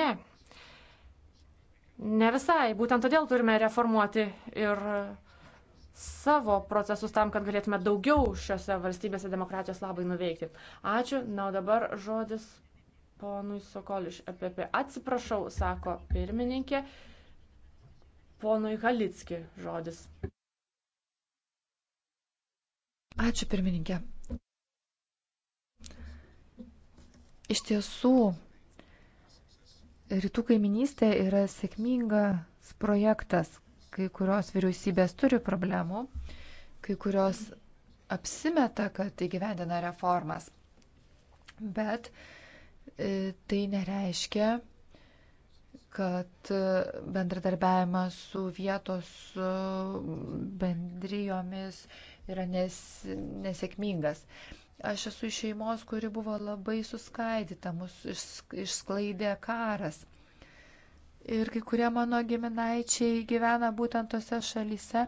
Ne. Ne visai. Būtent todėl turime reformuoti ir savo procesus tam, kad galėtume daugiau šiuose valstybėse demokratijos labai nuveikti. Ačiū. Na, o dabar žodis ponui Sokoliš apie apie. Atsiprašau, sako pirmininkė. Ponui Halicki žodis. Ačiū pirmininkė. Iš tiesų, Rytų kaiminystė yra sėkmingas projektas. Kai kurios vyriausybės turi problemų, kai kurios apsimeta, kad įgyvendina reformas. Bet e, tai nereiškia, kad bendradarbiavimas su vietos e, bendrijomis yra nes, nesėkmingas. Aš esu iš šeimos, kuri buvo labai suskaidyta, mus išsklaidė karas. Ir kai kurie mano giminaičiai gyvena būtent tose šalyse.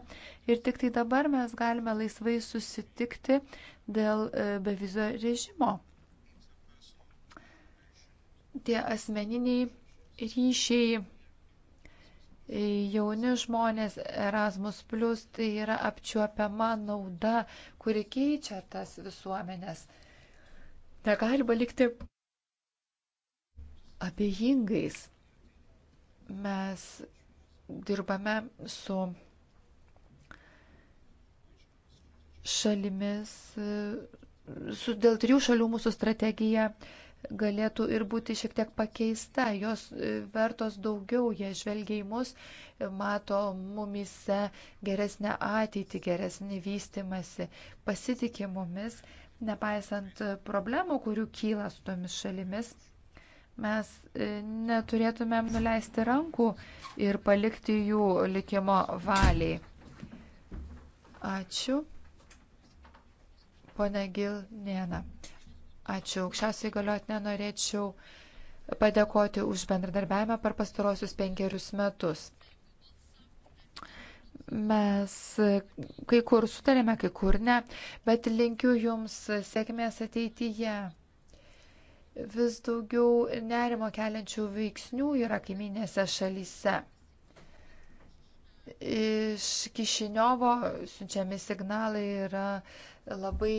Ir tik tai dabar mes galime laisvai susitikti dėl e, bevizio režimo. Tie asmeniniai ryšiai jauni žmonės Erasmus, plus, tai yra apčiuopiama nauda, kuri keičia tas visuomenės. Negalima likti abejingais. Mes dirbame su šalimis, su dėl trijų šalių mūsų strategija galėtų ir būti šiek tiek pakeista, jos e, vertos daugiau, jie žvelgia į mus, mato mumise geresnę ateitį, geresnį vystimasi, pasitikė mumis, nepaisant problemų, kurių kyla su tomis šalimis. Mes e, neturėtumėm nuleisti rankų ir palikti jų likimo valiai. Ačiū. Pone Gil Nėna. Ačiū. Aukščiausiai galiotinė norėčiau padėkoti už bendradarbiavimą per pastarosius penkerius metus. Mes kai kur sutarėme, kai kur ne, bet linkiu Jums sėkmės ateityje. Vis daugiau nerimo keliančių veiksnių yra kaiminėse šalyse. Iš Kišiniovo siunčiami signalai yra labai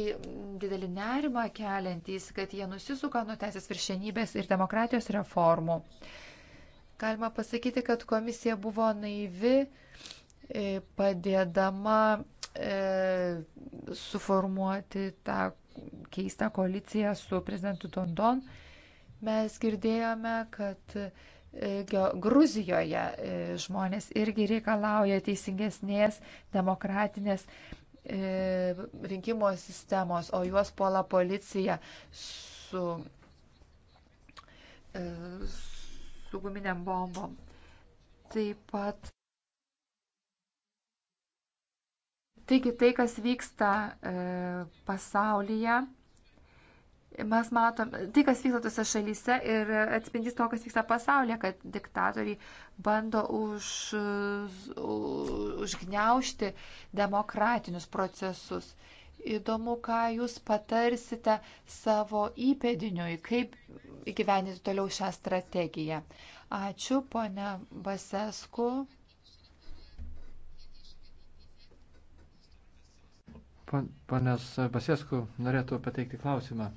didelį nerimą keliantys, kad jie nusisuka nuo teisės viršenybės ir demokratijos reformų. Galima pasakyti, kad komisija buvo naivi, e, padėdama e, suformuoti tą keistą koaliciją su prezidentu Dondon. Mes girdėjome, kad e, E, Gruzijoje e, žmonės irgi reikalauja teisingesnės demokratinės e, rinkimo sistemos, o juos puola policija su, su guminiam bombom. Taip pat. Taigi tai, kas vyksta e, pasaulyje, mes matom tai, kas vyksta tose šalyse ir atspindys to, kas vyksta pasaulyje, kad diktatoriai bando už, užgniaušti demokratinius procesus. Įdomu, ką jūs patarsite savo įpėdiniui, kaip įgyveninti toliau šią strategiją. Ačiū, ponia Basesku. Ponas Basesku norėtų pateikti klausimą.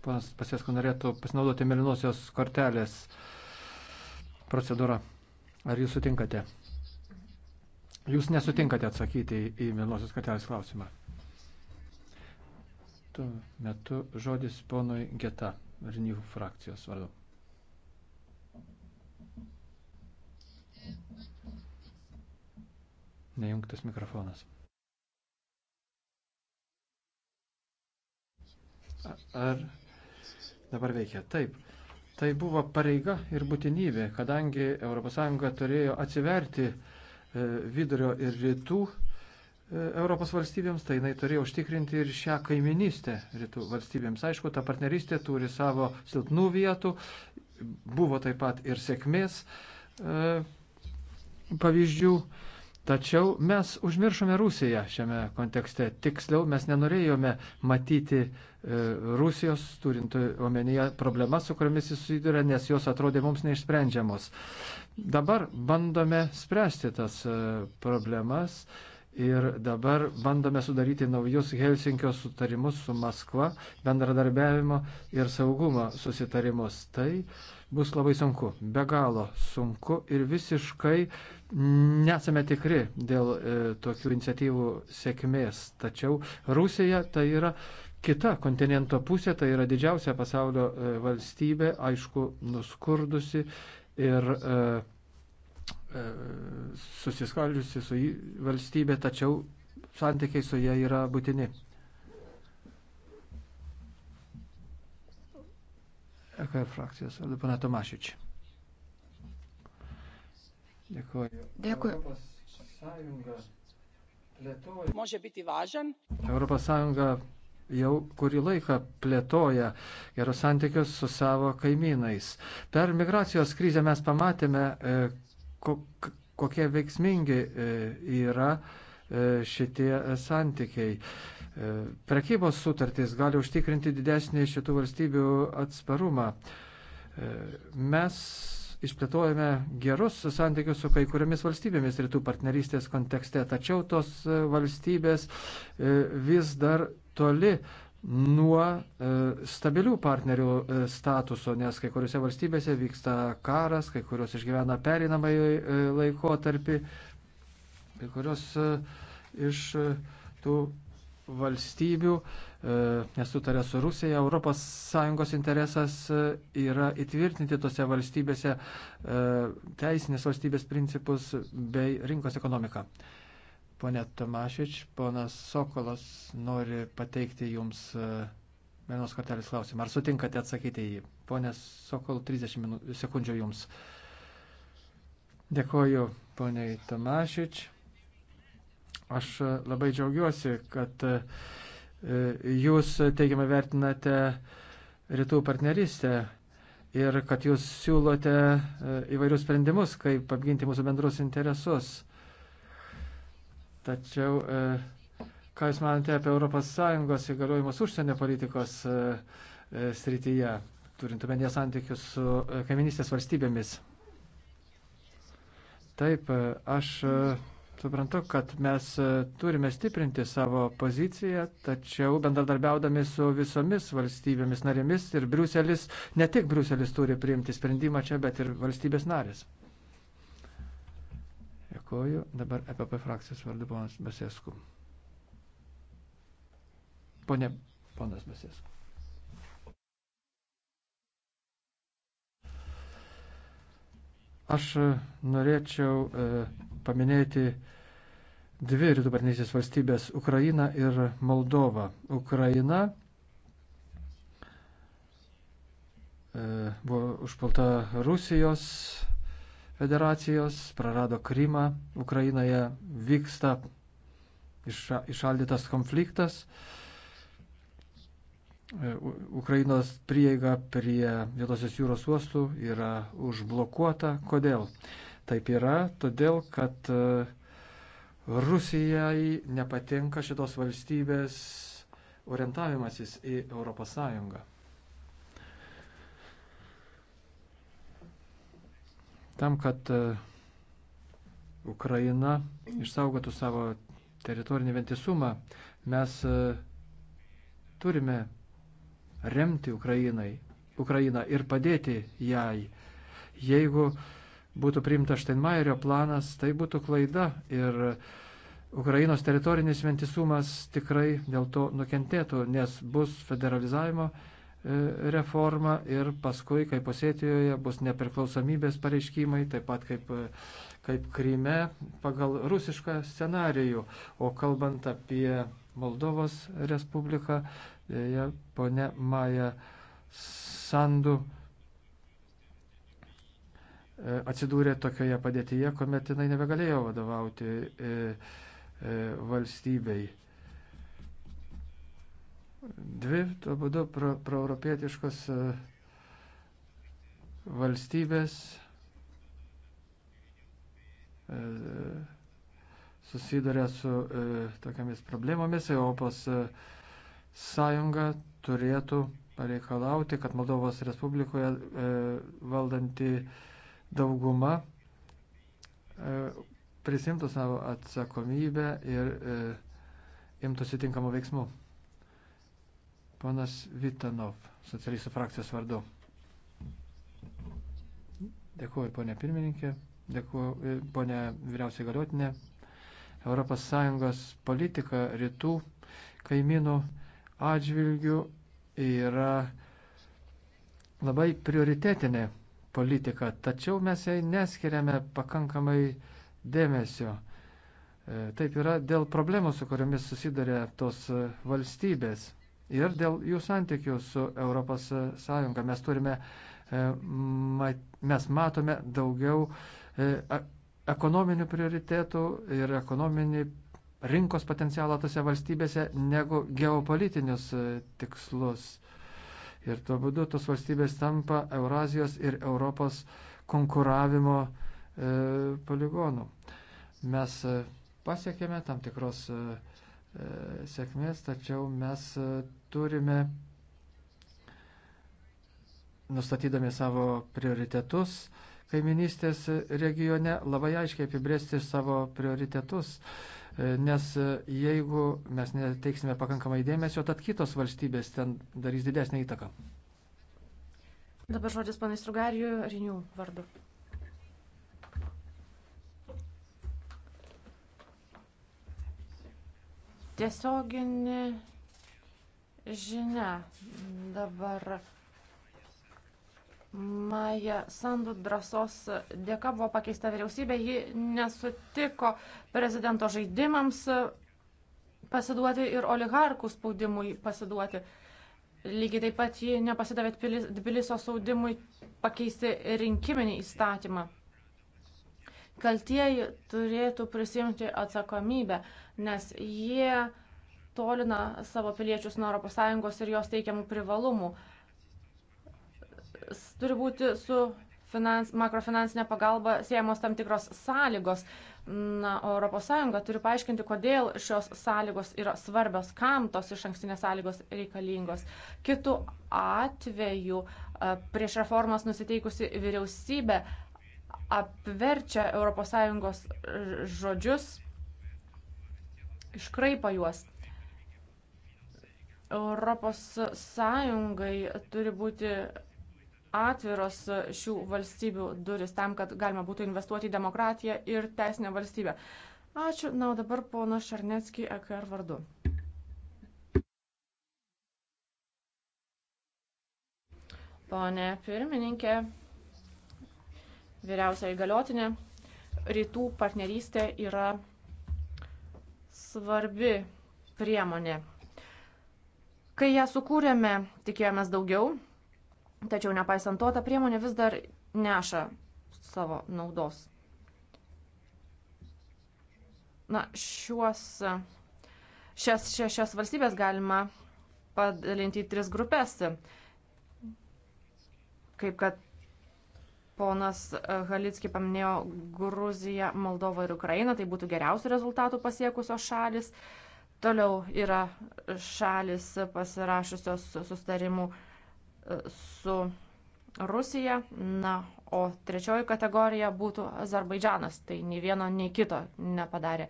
Panas Pasiesko norėtų pasinaudoti melinosios kortelės procedūrą. Ar jūs sutinkate? Jūs nesutinkate atsakyti į melinosios kortelės klausimą. Tuo metu žodis ponui Geta, Renew frakcijos vardu. Nejungtas mikrofonas. Ar dabar veikia. Taip, tai buvo pareiga ir būtinybė, kadangi ES turėjo atsiverti e, vidurio ir rytų e, Europos valstybėms, tai jinai turėjo užtikrinti ir šią kaiminystę rytų valstybėms. Aišku, ta partnerystė turi savo silpnų vietų, buvo taip pat ir sėkmės e, pavyzdžių. Tačiau mes užmiršome Rusiją šiame kontekste. Tiksliau, mes nenorėjome matyti e, Rusijos, turint omenyje problemas, su kuriamis jis susiduria, nes jos atrodė mums neišsprendžiamos. Dabar bandome spręsti tas e, problemas. E, Ir dabar bandome sudaryti naujus Helsinkio sutarimus su Maskva, bendradarbiavimo ir saugumo susitarimus. Tai bus labai sunku, be galo sunku ir visiškai nesame tikri dėl e, tokių iniciatyvų sėkmės. Tačiau Rusija tai yra kita kontinento pusė, tai yra didžiausia pasaulio e, valstybė, aišku, nuskurdusi ir. E, E, susiskaldžiusi su valstybė, tačiau santykiai su ja yra būtini. EKR frakcijos, pana Tomašič. Dėkuoju. Dėkui. Može biti važan. Europos Sąjunga jau kurį laiką plėtoja gerus santykius su savo kaimynais. Per migracijos krizę mes pamatėme, e, kokie veiksmingi e, yra e, šitie santykiai. E, prekybos sutartys gali užtikrinti didesnį šitų valstybių atsparumą. Mes išplėtojame gerus santykius su kai kuriamis valstybėmis rytų partnerystės kontekste, tačiau tos valstybės vis dar toli nuo e, stabilių partnerių e, statuso, nes kai kuriuose valstybėse vyksta karas, kai kurios išgyvena perinamąjį e, laikotarpį, kai kurios iš tų valstybių nesutarė su Rusija. ES interesas yra įtvirtinti tose valstybėse teisinės valstybės principus bei rinkos ekonomiką. Pone Tomašič, ponas Sokolas nori pateikti jums e, vienos kortelės klausimą. Ar sutinkate atsakyti į jį? Pone Sokol, 30 minu... sekundžių jums. Dėkoju, poniai Tomašič. Aš e, labai džiaugiuosi, kad e, jūs teigiamai vertinate rytų partnerystę ir kad jūs siūlote įvairius sprendimus, kaip apginti mūsų bendrus interesus. Tačiau, e, ką Jūs manate apie ES įgaliojimus užsienio politikos e, e, srityje, turint omenyje santykius su kaiminystės valstybėmis? Taip, aš suprantu, kad mes turime stiprinti savo poziciją, tačiau bendradarbiaudami su visomis valstybėmis narėmis ir Briuselis, ne tik Briuselis turi priimti sprendimą čia, bet ir valstybės narės. Dėkoju. Dabar EPP frakcijos vardu ponas Basesku. Pone, ponas Basesku. Aš e, norėčiau e, paminėti dvi rytų partnerystės valstybės - Ukrainą ir Moldovą. Ukraina e, buvo užpulta Rusijos federacijos, prarado Krymą, Ukrainoje vyksta iša, išaldytas konfliktas, e, Ukrainos prieiga prie Vietosios jūros uostų yra užblokuota. Kodėl? Taip yra, todėl, kad e, Rusijai nepatinka šitos valstybės orientavimasis į Europos Sąjungą. Tam, kad e, Ukraina išsaugotų savo teritorinį ventisumą, mes e, turime remti Ukrainai, Ukrainą ir padėti jai. Jeigu būtų priimtas Steinmeierio planas, tai būtų klaida ir Ukrainos teritorinis vientisumas tikrai dėl to nukentėtų, nes bus federalizavimo E, reformą ir paskui, kaip Osetijoje, bus nepriklausomybės pareiškimai, taip pat kaip, e, kaip Kryme pagal rusišką scenarijų. O kalbant apie Moldovos Respubliką, ja, e, ponia Maja Sandu atsidūrė tokioje padėtyje, kuomet jinai nebegalėjo vadovauti valstybei. Dvi tuo būdu proeuropietiškos pro e, valstybės e, susiduria su e, tokiamis problemomis. Europos sąjunga turėtų pareikalauti, kad Moldovos Respublikoje valdanti dauguma prisimtų savo atsakomybę ir imtųsi tinkamų veiksmų. Ponas Vitanov, socialistų frakcijos vardu. Dėkuoju, ponė pirmininkė, dėkuoju, ponė vyriausiai galiotinė. ES politika rytų kaimynų atžvilgių yra labai prioritetinė politika, tačiau mes jai neskiriame pakankamai dėmesio. E, taip yra dėl problemų, su kuriomis susiduria tos valstybės ir dėl jų santykių su ES. Mes, turime, e, mes matome daugiau e, ekonominių prioritėtų ir ekonominį rinkos potencialą tose valstybėse negu geopolitinius e, tikslus. Ir tuo būdu tos valstybės tampa Eurazijos ir Europos konkuravimo e, poligonų. Mes pasiekėme tam tikros e, E, sėkmės, tačiau mes e, turime, nustatydami savo prioritetus, kaiminystės regione labai aiškiai apibrėžti savo prioritetus, e, nes jeigu mes neteiksime pakankamai dėmesio, tad kitos valstybės ten darys didesnį įtaką. Dabar žodis panai Strugarijų, Rinių vardu. Tiesioginė žinia dabar. Maja Sandu drąsos dėka buvo pakeista vyriausybė, ji nesutiko prezidento žaidimams pasiduoti ir oligarkų spaudimui pasiduoti. Lygiai taip pat ji nepasidavė Tbiliso saudimui pakeisti rinkiminį įstatymą. Kaltieji turėtų prisimti atsakomybę, nes jie tolina savo piliečius nuo ES ir jos teikiamų privalumų. Turi būti su finans, makrofinansinė pagalba siejamos tam tikros sąlygos. Na, ES turi paaiškinti, kodėl šios sąlygos yra svarbios, kam tos iš ankstinės sąlygos reikalingos. Kitu atveju prieš reformas nusiteikusi vyriausybė apverčia ES žodžius, iškraipa juos. ES turi būti atviros šių valstybių duris tam, kad galima būtų investuoti į demokratiją ir teisinę valstybę. Ačiū. Na, o dabar pono Šarnecki EKR vardu. Pone pirmininkė, vyriausią įgaliotinę, rytų partnerystė yra svarbi priemonė. Kai ją sukūrėme, tikėjomės daugiau, tačiau nepaisant to, ta priemonė vis dar neša savo naudos. Na, šiuos, šias, šias, šias valstybės galima padalinti į tris grupės, kaip kad Ponas e, Halitski paminėjo Gruziją, Moldovą ir Ukrainą, tai būtų geriausių rezultatų pasiekusios šalis. Toliau yra šalis pasirašusios sustarimų e, su Rusija. Na, o trečioji kategorija būtų Azerbaidžanas. Tai nei vieno, nei kito nepadarė.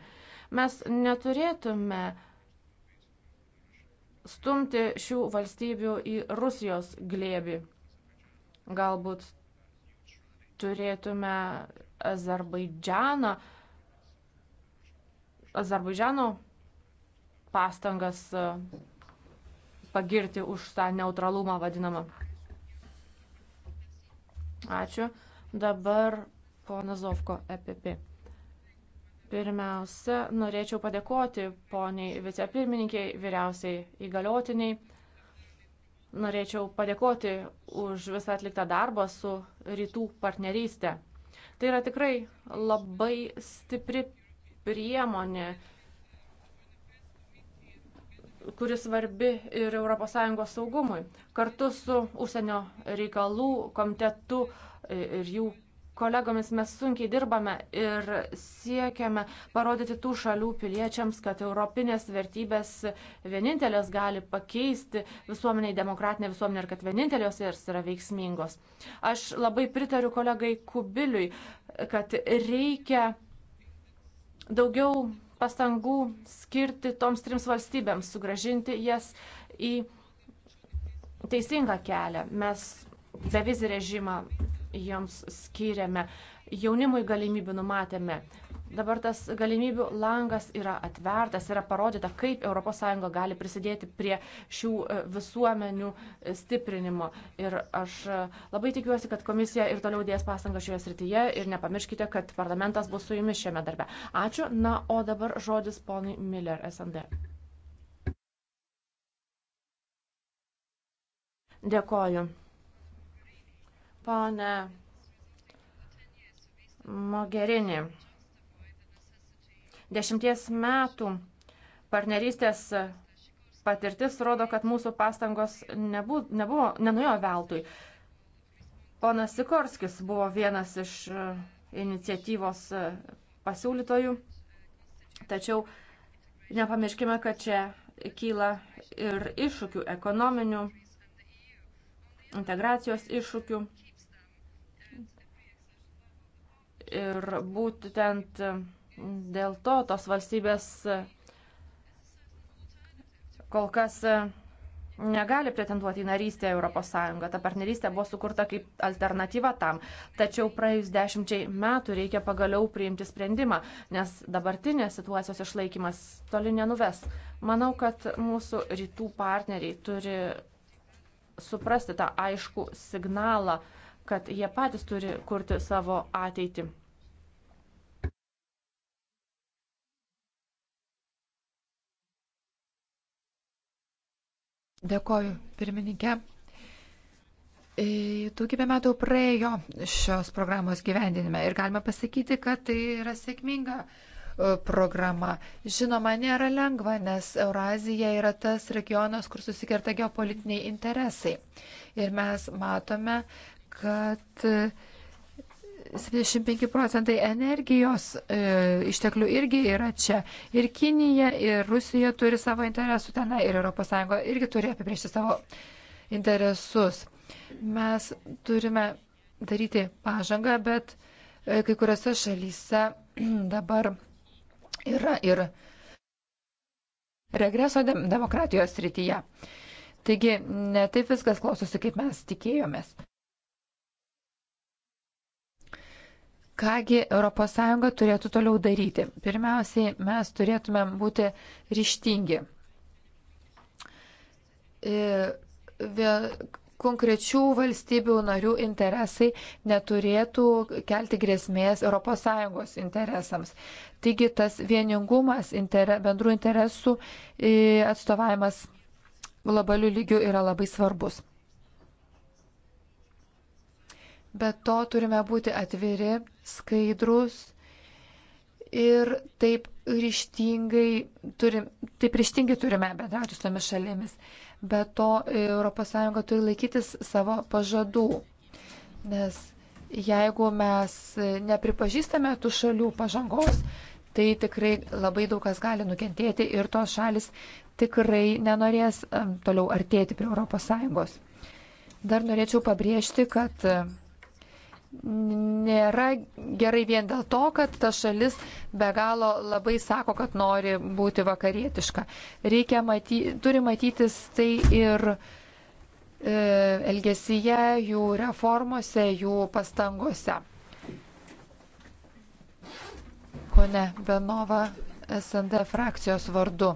Mes neturėtume stumti šių valstybių į Rusijos glėbį. Galbūt turėtume Azerbaidžianą, Azerbaidžiano pastangas e, pagirti už tą neutralumą vadinamą. Ačiū. Dabar pona Zovko EPP. Pirmiausia, norėčiau padėkoti poniai vicepirmininkiai, vyriausiai įgaliotiniai Norėčiau padėkoti už visą atliktą darbą su rytų partnerystė. Tai yra tikrai labai stipri priemonė, kuri svarbi ir ES saugumui. Kartu su užsienio reikalų komitetu ir jų kolegomis mes sunkiai dirbame ir siekiame parodyti tų šalių piliečiams, kad europinės vertybės vienintelės gali pakeisti visuomeniai demokratinę visuomenę ir kad vienintelės jos yra veiksmingos. Aš labai pritariu kolegai Kubiliui, kad reikia daugiau pastangų skirti toms trims valstybėms, sugražinti jas į teisingą kelią. Mes bevizį režimą joms skiriame, jaunimui galimybių numatėme. Dabar tas galimybių langas yra atvertas, yra parodyta, kaip ES gali prisidėti prie šių e, visuomenių e, stiprinimo. Ir aš e, labai tikiuosi, kad komisija ir toliau dės pastangą šioje srityje ir nepamirškite, kad parlamentas bus su jumis šiame darbe. Ačiū. Na, o dabar žodis ponui Miller, SND. Dėkoju. Pone Mogerini, dešimties metų partnerystės patirtis rodo, kad mūsų pastangos nebu, nebuvo, nenuėjo veltui. Ponas Sikorskis buvo vienas iš e, iniciatyvos e, pasiūlytojų, tačiau nepamirškime, kad čia kyla ir iššūkių ekonominių, integracijos iššūkių. Ir būtent dėl to tos valstybės kol kas negali pretenduoti į narystę Europos Sąjungą. Ta partnerystė buvo sukurta kaip alternatyva tam. Tačiau praėjus dešimčiai metų reikia pagaliau priimti sprendimą, nes dabartinės situacijos išlaikymas toli nenuves. Manau, kad mūsų rytų partneriai turi suprasti tą aišku signalą, kad jie patys turi kurti savo ateitį. Dėkoju, pirmininkė. E, daugybę metų praėjo šios programos gyvendinime ir galima pasakyti, kad tai yra sėkminga e, programa. Žinoma, nėra lengva, nes Eurazija yra tas regionas, kur susikerta geopolitiniai interesai. Ir mes matome, kad uh, 75 procentai energijos e, išteklių irgi yra čia. Ir Kinija, ir Rusija turi savo interesų tenai, ir ES irgi turi apibriežti savo interesus. Mes turime daryti pažangą, bet e, kai kuriuose šalyse dabar yra ir regreso de demokratijos rytyje. Taigi, ne taip viskas klausosi, kaip mes tikėjomės. Kągi ES turėtų toliau daryti? Pirmiausiai, mes turėtumėm būti ryštingi. E, Vėl konkrečių valstybių narių interesai neturėtų kelti grėsmės ES interesams. Taigi tas vieningumas, inter, bendrų interesų e, atstovavimas globalių lygių yra labai svarbus. Bet to turime būti atviri, skaidrus ir taip ryštingai, turim, taip ryštingai turime bendrauti su tomis šalimis. Bet to ES turi laikytis savo pažadų. Nes jeigu mes nepripažįstame tų šalių pažangos, tai tikrai labai daug kas gali nukentėti ir tos šalis tikrai nenorės toliau artėti prie ES. Dar norėčiau pabrėžti, kad nėra gerai vien dėl to, kad ta šalis be galo labai sako, kad nori būti vakarietiška. Reikia matyti, turi matytis tai ir e, elgesyje, jų reformose, jų pastangose. Pone Benova, SND frakcijos vardu.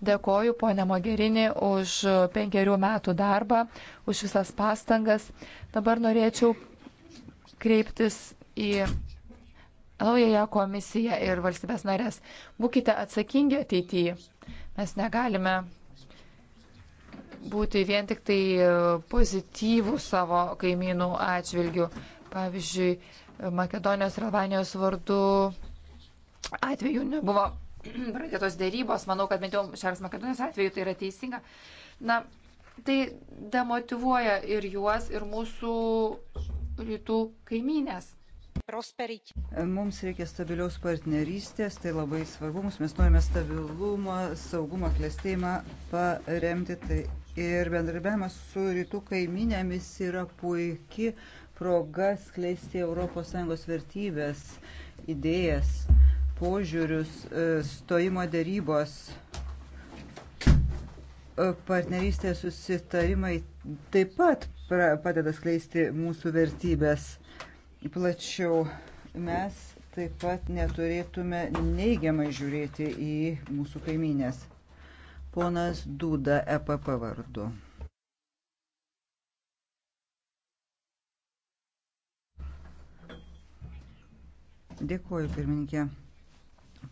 Dėkoju, ponė Mogerini, už penkerių metų darbą, už visas pastangas. Dabar norėčiau kreiptis į naująją komisiją ir valstybės narės. Būkite atsakingi ateityje. Mes negalime būti vien tik tai pozityvų savo kaimynų atžvilgių. Pavyzdžiui, Makedonijos ir Albanijos vardu atveju nebuvo pradėtos dėrybos. Manau, kad bent jau Šiaurės Makedonijos atveju tai yra teisinga. Na, tai demotivuoja ir juos, ir mūsų rytų kaimynės. Mums reikia stabilios partnerystės, tai labai svarbu, mums mes norime stabilumą, saugumą, klėstėjimą paremti. Tai ir bendradarbiavimas su rytų kaiminėmis yra puikia proga skleisti ES vertybės, idėjas, požiūrius, e, stojimo darybos, e, partnerystės susitarimai taip pat padeda skleisti mūsų vertybės plačiau. Mes taip pat neturėtume neigiamai žiūrėti į mūsų kaiminės. Ponas Dūda EPP vardu. Dėkuoju, pirmininkė.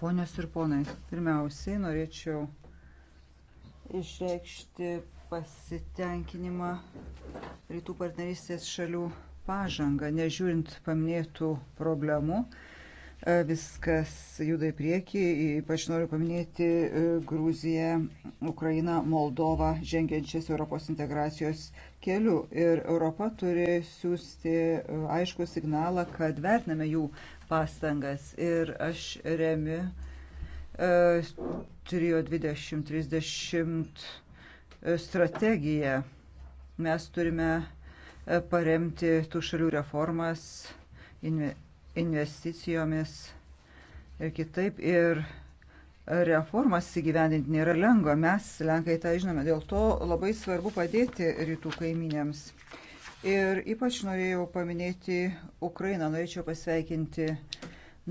Ponios ir ponai, pirmiausiai norėčiau išreikšti pasitenkinimą rytų partnerystės šalių pažangą, nežiūrint paminėtų problemų. E, viskas juda į priekį, ypač noriu paminėti e, Gruziją, Ukrainą, Moldovą žengiančias Europos integracijos keliu. Ir Europa turi siūsti e, aišku signalą, kad vertiname jų pastangas. Ir aš remiu e, Trio 2030 E, strategiją. Mes turime e, paremti tų šalių reformas investicijomis ir kitaip. Ir reformas įgyvendinti nėra lengva. Mes, Lenkai, tą žinome. Dėl to labai svarbu padėti rytų kaiminėms. Ir ypač norėjau paminėti Ukrainą. Norėčiau pasveikinti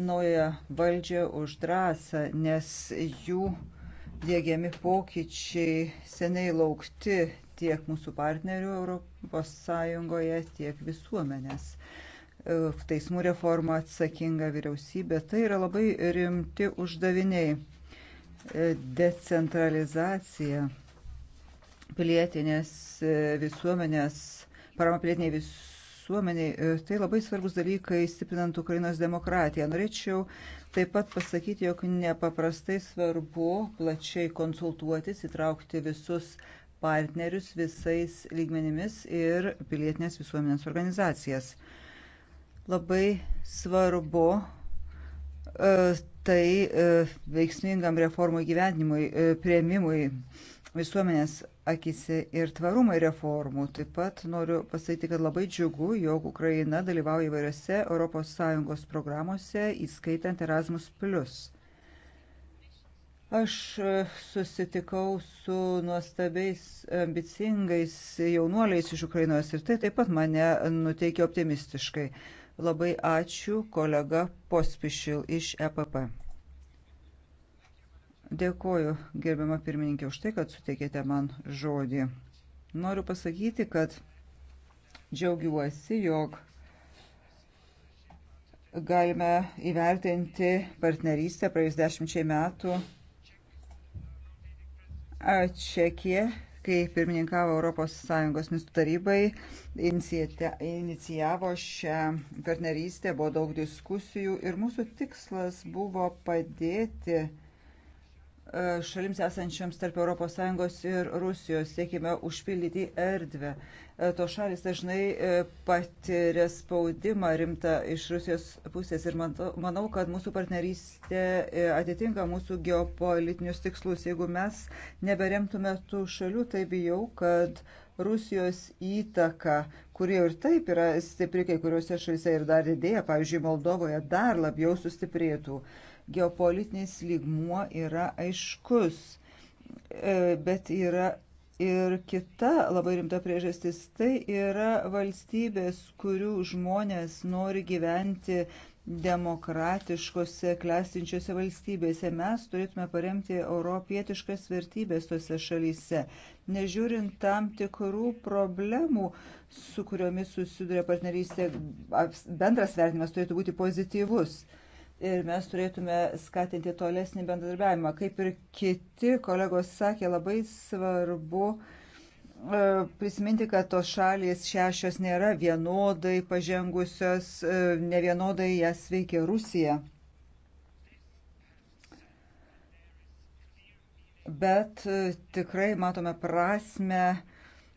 naują valdžią už drąsą, nes jų uh, dėgiami pokyčiai seniai laukti tiek mūsų partnerių ES, tiek visuomenės. E, teismų reforma atsakinga vyriausybė - tai yra labai rimti uždaviniai. E, decentralizacija pilietinės e, visuomenės, parama pilietiniai visuomeniai, tai labai svarbus dalykai stiprinant Ukrainos demokratiją. Norėčiau uh, Taip pat pasakyti, jog nepaprastai svarbu plačiai konsultuotis, įtraukti visus partnerius visais lygmenimis ir pilietinės visuomenės organizacijas. Labai svarbu e, tai e, veiksmingam reformų gyvenimui, e, prieimimui visuomenės akise ir tvarumai reformų. Taip pat noriu pasakyti, kad labai džiugu, jog Ukraina dalyvauja įvairiose ES programuose, įskaitant Erasmus. Aš e, susitikau su nuostabiais, ambicingais jaunuoliais iš Ukrainos ir tai taip pat mane nuteikia optimistiškai. Labai ačiū kolega Pospišil iš EPP. Dėkoju, gerbiama pirmininkė, už tai, kad suteikėte man žodį. Noriu pasakyti, kad džiaugiuosi, jog galime įvertinti partnerystę praėjus dešimčiai metų Čekija, kai pirmininkavo ES ministrų tarybai, inicijavo šią partnerystę, buvo daug diskusijų ir mūsų tikslas buvo padėti E, šalims esančiams tarp ES ir Rusijos siekime užpildyti erdvę. E, to šalis dažnai e, patiria spaudimą rimtą iš Rusijos pusės ir manau, kad mūsų partnerystė atitinka mūsų geopolitinius tikslus. Jeigu mes neberemtume tų šalių, tai bijau, kad Rusijos įtaka, kurie ir taip yra stipri kai kuriuose šalyse ir dar didėja, pavyzdžiui, Moldovoje dar labiau sustiprėtų. Uh, Geopolitinis lygmuo yra aiškus, e, bet yra ir kita labai rimta priežastis. Tai yra valstybės, kurių žmonės nori gyventi demokratiškose, klestinčiose valstybėse. Mes turėtume paremti europietiškas vertybės tose šalyse, nežiūrint tam tikrų problemų, su kuriomis susiduria partnerystė. Bendras vertinimas turėtų būti pozityvus ir mes turėtume skatinti tolesnį bendradarbiavimą. Kaip ir kiti kolegos sakė, labai svarbu e, prisiminti, kad tos šalys šešios nėra vienodai pažengusios, e, ne vienodai jas veikia Rusija. Bet e, tikrai matome prasme,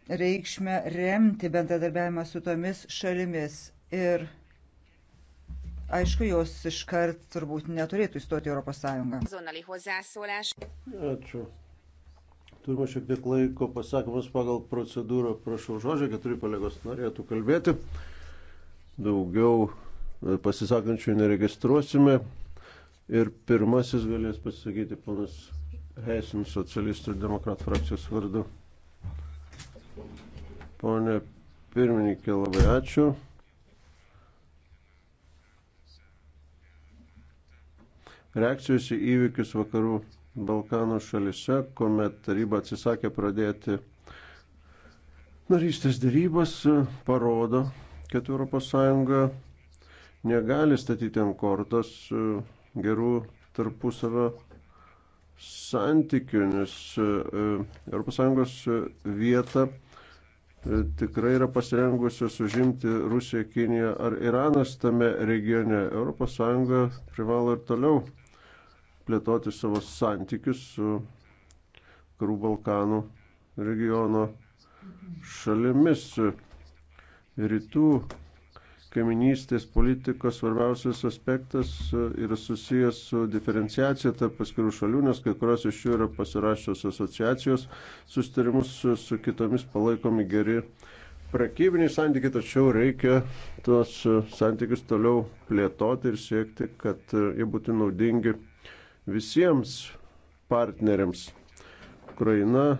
reikšmę remti bendradarbiavimą su tomis šalimis. Ir Aišku, jos iškart turbūt neturėtų įstoti Europos Sąjungą. Ačiū. Turime šiek tiek laiko pasakymus pagal procedūrą. Prašau žodžio, keturi kolegos norėtų kalbėti. Daugiau e, pasisakančių neregistruosime. Ir pirmasis galės pasakyti ponas Heisin, socialistų ir demokratų frakcijos vardu. Pone pirmininkė, labai ačiū. reakcijos į įvykius vakarų Balkanų šalise, kuomet taryba atsisakė pradėti narystės darybas, parodo, kad ES negali statyti ant kortos e, gerų tarpusavio santykių, nes ES vietą E, tikrai yra pasirengusios užimti Rusiją, Kiniją ar Iranas tame regione. ES privalo ir toliau plėtoti savo santykius su Karų Balkanų regiono šalimis. Rytų kaiminystės politikos svarbiausias aspektas e, yra susijęs su diferenciacija tarp paskirų šalių, nes kai kurios iš jų yra pasirašęs asociacijos sustarimus su, su kitomis palaikomi geri prekybiniai santykiai, tačiau reikia tuos e, santykius toliau plėtoti ir siekti, kad e, jie būtų naudingi visiems partneriams. Ukraina,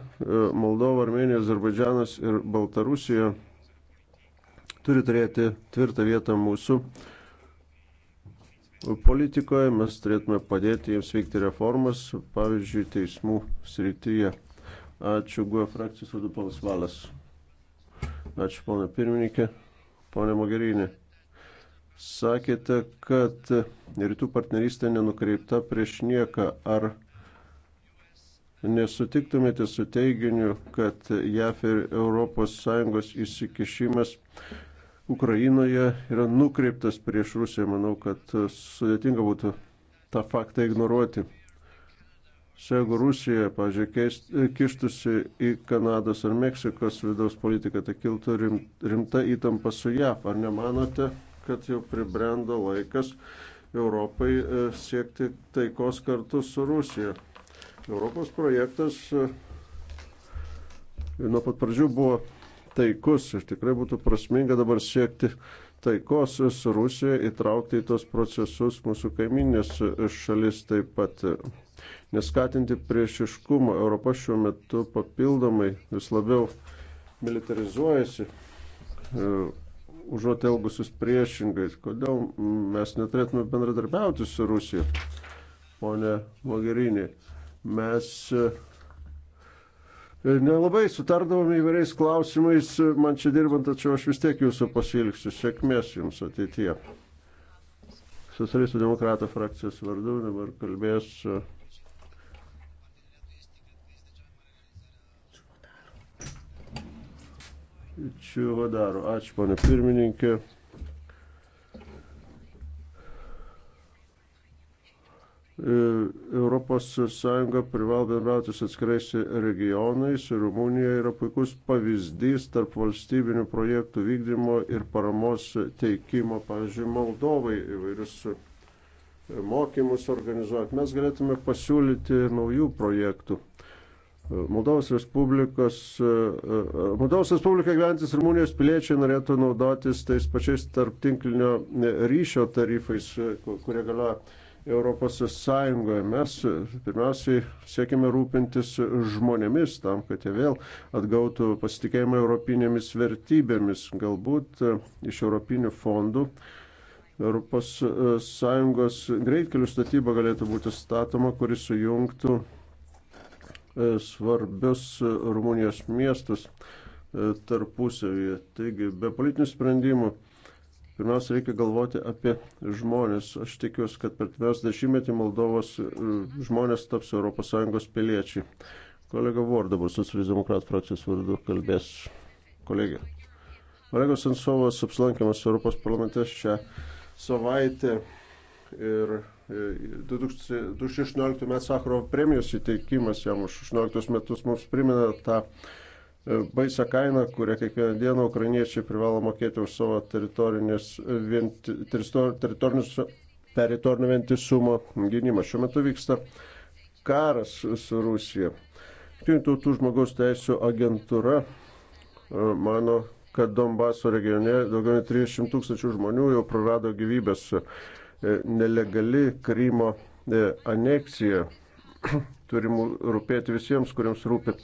Moldova, Armenija, Azerbaidžianas ir Baltarusija turi turėti tvirtą vietą mūsų politikoje. Mes turėtume padėti jiems veikti reformas, pavyzdžiui, teismų srityje. Ačiū, GUE frakcijos vadu ponas Valas. Ačiū, pana pirmininkė. Pone Mogerinė, sakėte, kad rytų partnerystė nenukreipta prieš nieką. Ar nesutiktumėte su teiginiu, kad JAF ir ES įsikišimas Ukrainoje yra nukreiptas prieš Rusiją. Manau, kad sudėtinga būtų tą faktą ignoruoti. Jeigu Rusija, pažiūrėjau, kištusi į Kanados ar Meksikos vidaus politiką, tai kiltų rimta įtampa su JAV. Ar nemanote, kad jau pribrendo laikas Europai e, siekti taikos kartu su Rusija? Europos projektas e, nuo pat pradžių buvo taikus ir tikrai būtų prasminga dabar siekti taikos su Rusija, įtraukti į tos procesus mūsų kaiminės šalis taip pat. Neskatinti priešiškumą. Europa šiuo metu papildomai vis labiau militarizuojasi, e, užuot elgusius priešingais. Kodėl mes neturėtume bendradarbiauti su Rusija, ponė Mogherini? Mes e, E, nelabai sutardavome įvairiais klausimais, man čia dirbant, tačiau aš vis tiek jūsų pasilgsiu. Sėkmės jums ateityje. Socialistų demokratų frakcijos vardu dabar kalbės. E, Čiuvadaru. Ačiū, pane pirmininkė. ES privalo bendrauti su atskirais regionais ir Rumunija yra puikus pavyzdys tarp valstybinių projektų vykdymo ir paramos teikimo, pavyzdžiui, Moldovai įvairius mokymus organizuoti. Mes galėtume pasiūlyti naujų projektų. Moldovos Respublikos, Moldovos Respublika gyventis Rumunijos piliečiai norėtų naudotis tais pačiais tarptinklinio ryšio tarifais, kurie galioja Europos Sąjungoje. Mes pirmiausiai siekime rūpintis žmonėmis tam, kad jie vėl atgautų pasitikėjimą europinėmis vertybėmis, galbūt e, iš europinių fondų. Europos e, Sąjungos greitkelių statyba galėtų būti statoma, kuris sujungtų e, svarbius Rumunijos miestus tarpusavyje. Taigi, be politinių sprendimų Pirmiausia, reikia galvoti apie žmonės. Aš tikiuosi, kad per pirmiausia dešimtmetį Moldovos e, žmonės taps ES piliečiai. Kolega Vor dabar socialdemokratų frakcijos vardu kalbės. Kolegė. Olegas Sensovas apsilankiamas Europos parlamente šią savaitę ir 2016 m. Sakrovo premijos įteikimas jam už 16 metus mums primena tą E, baisę kainą, kurią kiekvieną dieną ukrainiečiai privalo mokėti už savo teritorinius teritorinio vientisumo gynimą. Šiuo metu vyksta karas su Rusija. Junktinių tautų žmogaus teisų agentūra e, mano, kad Donbaso regione daugiau nei 300 tūkstančių žmonių jau prarado gyvybės e, nelegali Krymo aneksija. Turim rūpėti visiems, kuriems rūpi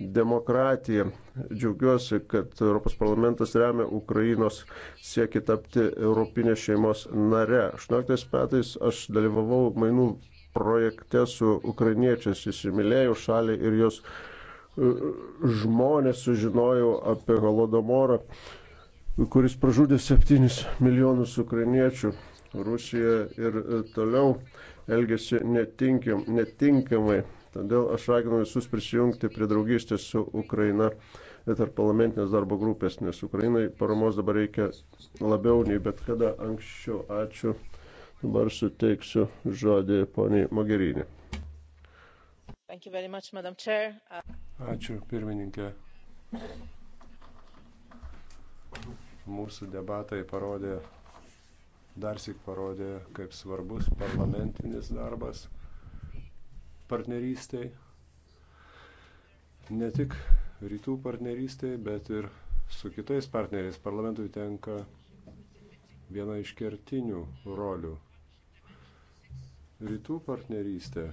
demokratiją. Džiaugiuosi, kad Europos parlamentas remia Ukrainos siekį tapti Europinės šeimos nare. 18 metais aš dalyvavau mainų projekte su ukrainiečiais, įsimylėjau šalį ir jos e, žmonės sužinojau apie Holodomorą, kuris pražudė 7 milijonus ukrainiečių. Rusija ir e, toliau elgesi netinkam, netinkamai Todėl aš raginu visus prisijungti prie draugystės su Ukraina tarp parlamentinės darbo grupės, nes Ukrainai paramos dabar reikia labiau nei bet kada anksčiau. Ačiū. Dabar suteiksiu žodį poniai Mogerinį. Ačiū, pirmininkė. Mūsų debatai parodė, dar sik parodė, kaip svarbus parlamentinis darbas partnerystėj. Ne tik rytų partnerystėj, bet ir su kitais partneriais parlamentui tenka viena iš kertinių rolių. Rytų partnerystė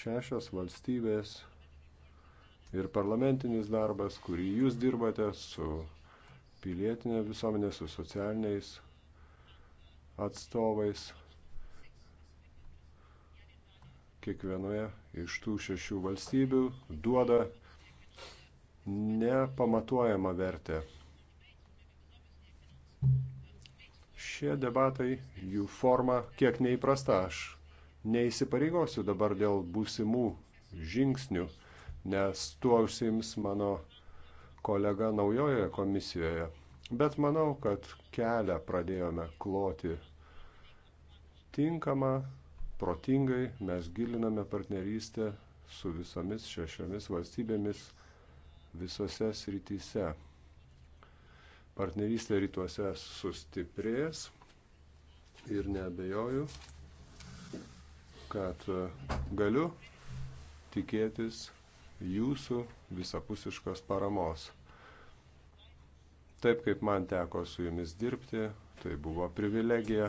šešios valstybės ir parlamentinis darbas, kurį jūs dirbate su pilietinė visuomenė, su socialiniais atstovais kiekvienoje iš tų šešių valstybių duoda nepamatuojamą vertę. Šie debatai, jų forma kiek neįprasta. Aš neįsipareigosiu dabar dėl būsimų žingsnių, nes tuo užsims mano kolega naujojoje komisijoje. Bet manau, kad kelią pradėjome kloti tinkamą protingai mes giliname partnerystę su visomis šešiomis valstybėmis visose srityse. Partnerystė rytuose sustiprės ir nebejoju, kad galiu tikėtis jūsų visapusiškos paramos. Taip kaip man teko su jumis dirbti, tai buvo privilegija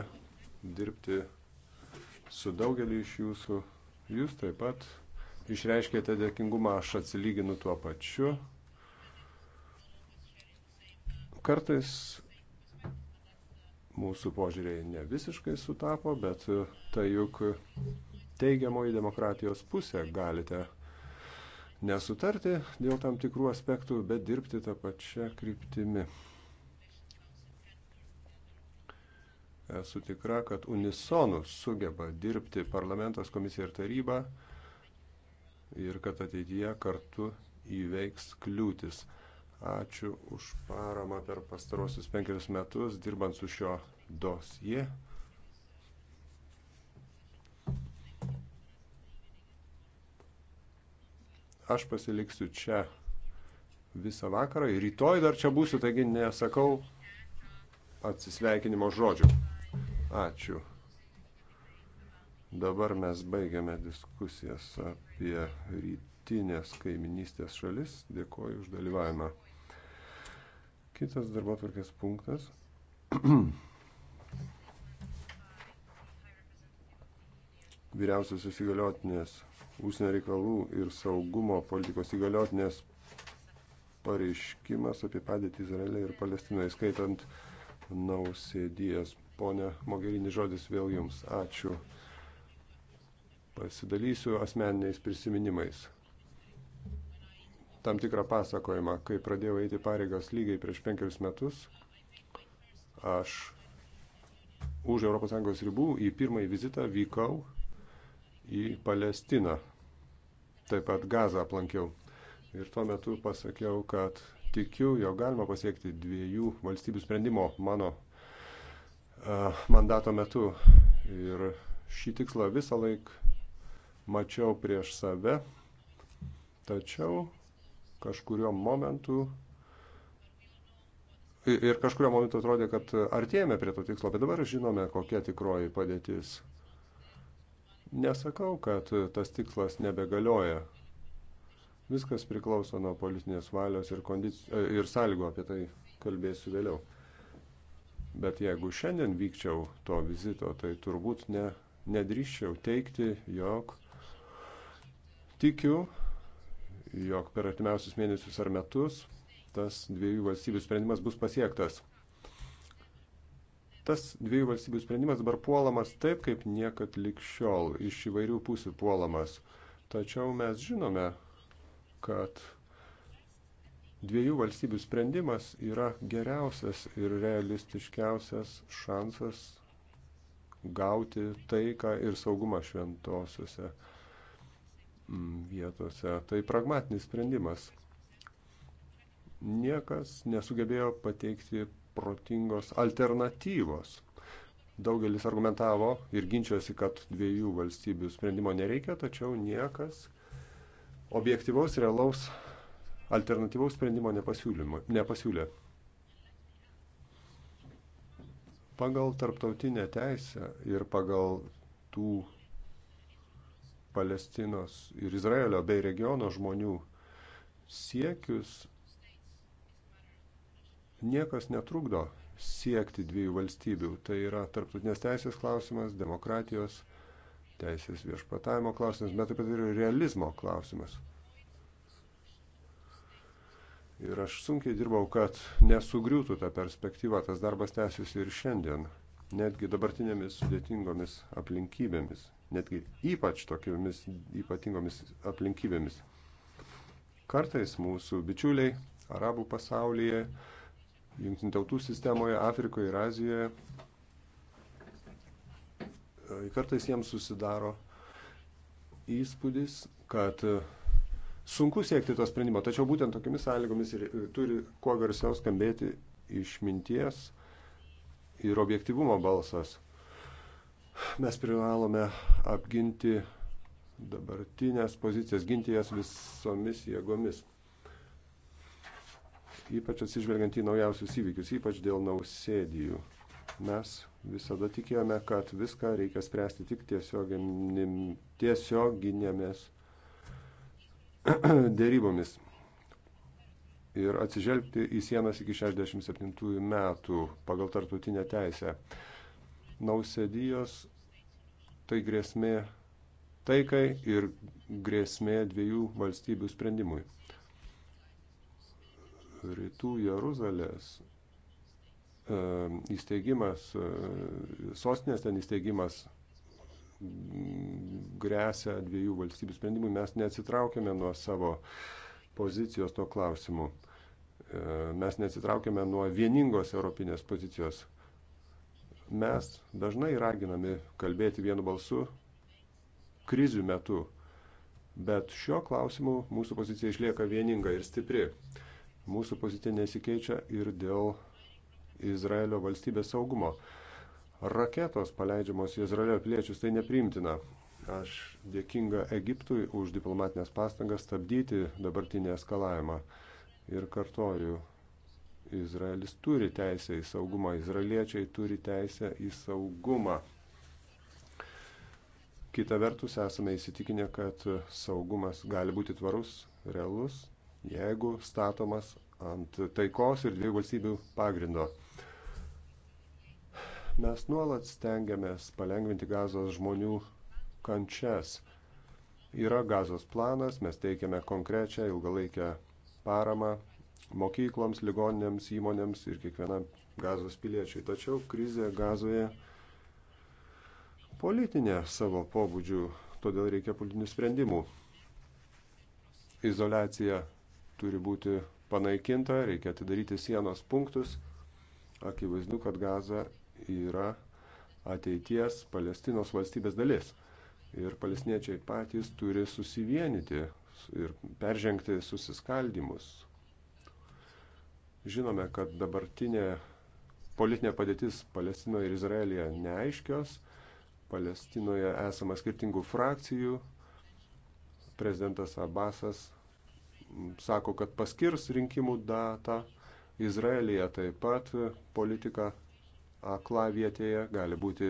dirbti su daugeliu iš jūsų. Jūs taip pat išreiškėte dėkingumą, aš atsilyginu tuo pačiu. Kartais mūsų požiūriai ne visiškai sutapo, bet tai juk teigiamoji demokratijos pusė galite nesutarti dėl tam tikrų aspektų, bet dirbti tą pačią kryptimį. Esu tikra, kad unisonų sugeba dirbti parlamentas, komisija ir taryba ir kad ateityje kartu įveiks kliūtis. Ačiū už paramą per pastarosius penkerius metus dirbant su šio dosie. Aš pasiliksiu čia visą vakarą ir rytoj dar čia būsiu, taigi nesakau atsisveikinimo žodžių. Ačiū. Dabar mes baigiame diskusijas apie rytinės kaiminystės šalis. Dėkoju už dalyvavimą. Kitas darbo tvarkės punktas. Vyriausios įsigaliotinės užsienio reikalų ir saugumo politikos įgaliotinės pareiškimas apie padėtį Izraelį ir Palestinoje, skaitant nausėdijas Pone Mogherini, žodis vėl jums. Ačiū. Pasidalysiu asmeniniais prisiminimais. Tam tikrą pasakojimą, kai pradėjau eiti pareigas lygiai prieš penkerius metus, aš už ES ribų į pirmąjį vizitą vykau į Palestiną. Taip pat Gazą aplankiau. Ir tuo metu pasakiau, kad tikiu, jog galima pasiekti dviejų valstybių sprendimo mano mandato metu. Ir šį tikslą visą laiką mačiau prieš save, tačiau kažkurio momentu ir kažkurio momentu atrodė, kad artėjame prie to tikslo, bet dabar žinome, kokia tikroji padėtis. Nesakau, kad tas tikslas nebegalioja. Viskas priklauso nuo politinės valios ir, kondic... ir sąlygų, apie tai kalbėsiu vėliau. Bet jeigu šiandien vykčiau to vizito, tai turbūt ne, nedrįščiau teikti, jog tikiu, jog per artimiausius mėnesius ar metus tas dviejų valstybių sprendimas bus pasiektas. Tas dviejų valstybių sprendimas dabar puolamas taip, kaip niekad likščiol, iš įvairių pusių puolamas. Tačiau mes žinome, kad dviejų valstybių sprendimas yra geriausias ir realistiškiausias šansas gauti taiką ir saugumą šventosiuose mm, vietose. Tai pragmatinis sprendimas. Niekas nesugebėjo pateikti protingos alternatyvos. Daugelis argumentavo ir ginčiosi, kad dviejų valstybių sprendimo nereikia, tačiau niekas objektyvaus realaus Alternatyvaus sprendimo nepasiūlė. Pagal tarptautinę teisę ir pagal tų Palestinos ir Izraelio bei regiono žmonių siekius niekas netrukdo siekti dviejų valstybių. Tai yra tarptautinės teisės klausimas, demokratijos, teisės viešpatavimo klausimas, bet taip pat ir realizmo klausimas. Ir aš sunkiai dirbau, kad nesugriūtų ta perspektyva, tas darbas tęsiasi ir šiandien, netgi dabartinėmis sudėtingomis aplinkybėmis, netgi ypač tokiamis ypatingomis aplinkybėmis. Kartais mūsų bičiuliai arabų pasaulyje, jungtinių tautų sistemoje, Afrikoje ir Azijoje, e, kartais jiems susidaro įspūdis, kad sunku siekti to sprendimo, tačiau būtent tokiamis sąlygomis ir e, turi kuo garsiau skambėti išminties ir objektivumo balsas. Mes privalome apginti dabartinės pozicijas, ginti jas visomis jėgomis. Ypač atsižvelgiant į naujausius įvykius, ypač dėl nausėdijų. Mes visada tikėjome, kad viską reikia spręsti tik tiesioginėmis dėrybomis ir atsižvelgti į sienas iki 67 metų pagal tartutinę teisę. Nausėdijos tai grėsmė taikai ir grėsmė dviejų valstybių sprendimui. Rytų Jeruzalės e, įsteigimas, e, sostinės ten įsteigimas grėsia dviejų valstybių sprendimui, mes neatsitraukėme nuo savo pozicijos tuo klausimu. E, mes neatsitraukėme nuo vieningos europinės pozicijos. Mes dažnai raginami kalbėti vienu balsu krizių metu, bet šiuo klausimu mūsų pozicija išlieka vieninga ir stipri. Mūsų pozicija nesikeičia ir dėl Izraelio valstybės saugumo raketos paleidžiamos į Izraelio piliečius, tai nepriimtina. Aš dėkinga Egiptui už diplomatinės pastangas stabdyti dabartinį eskalavimą. Ir kartoju, Izraelis turi teisę į saugumą, izraeliečiai turi teisę į saugumą. Kita vertus, esame įsitikinę, kad saugumas gali būti tvarus, realus, jeigu statomas ant taikos ir dviejų valstybių pagrindo. Mes nuolat stengiamės palengvinti gazos žmonių kančias. Yra gazos planas, mes teikiame konkrečią ilgalaikę paramą mokykloms, ligoninėms, įmonėms ir kiekvienam gazos piliečiui. Tačiau krizė gazoje politinė savo pobūdžių, todėl reikia politinių sprendimų. Izolacija turi būti panaikinta, reikia atidaryti sienos punktus. Akivaizdu, kad gaza yra ateities Palestinos valstybės dalis. Ir palestiniečiai patys turi susivienyti ir peržengti susiskaldimus. Žinome, kad dabartinė politinė padėtis Palestinoje ir Izraelija neaiškios. Palestinoje esama skirtingų frakcijų. Prezidentas Abbasas sako, kad paskirs rinkimų datą. Izraelija taip pat politika aklavietėje, gali būti,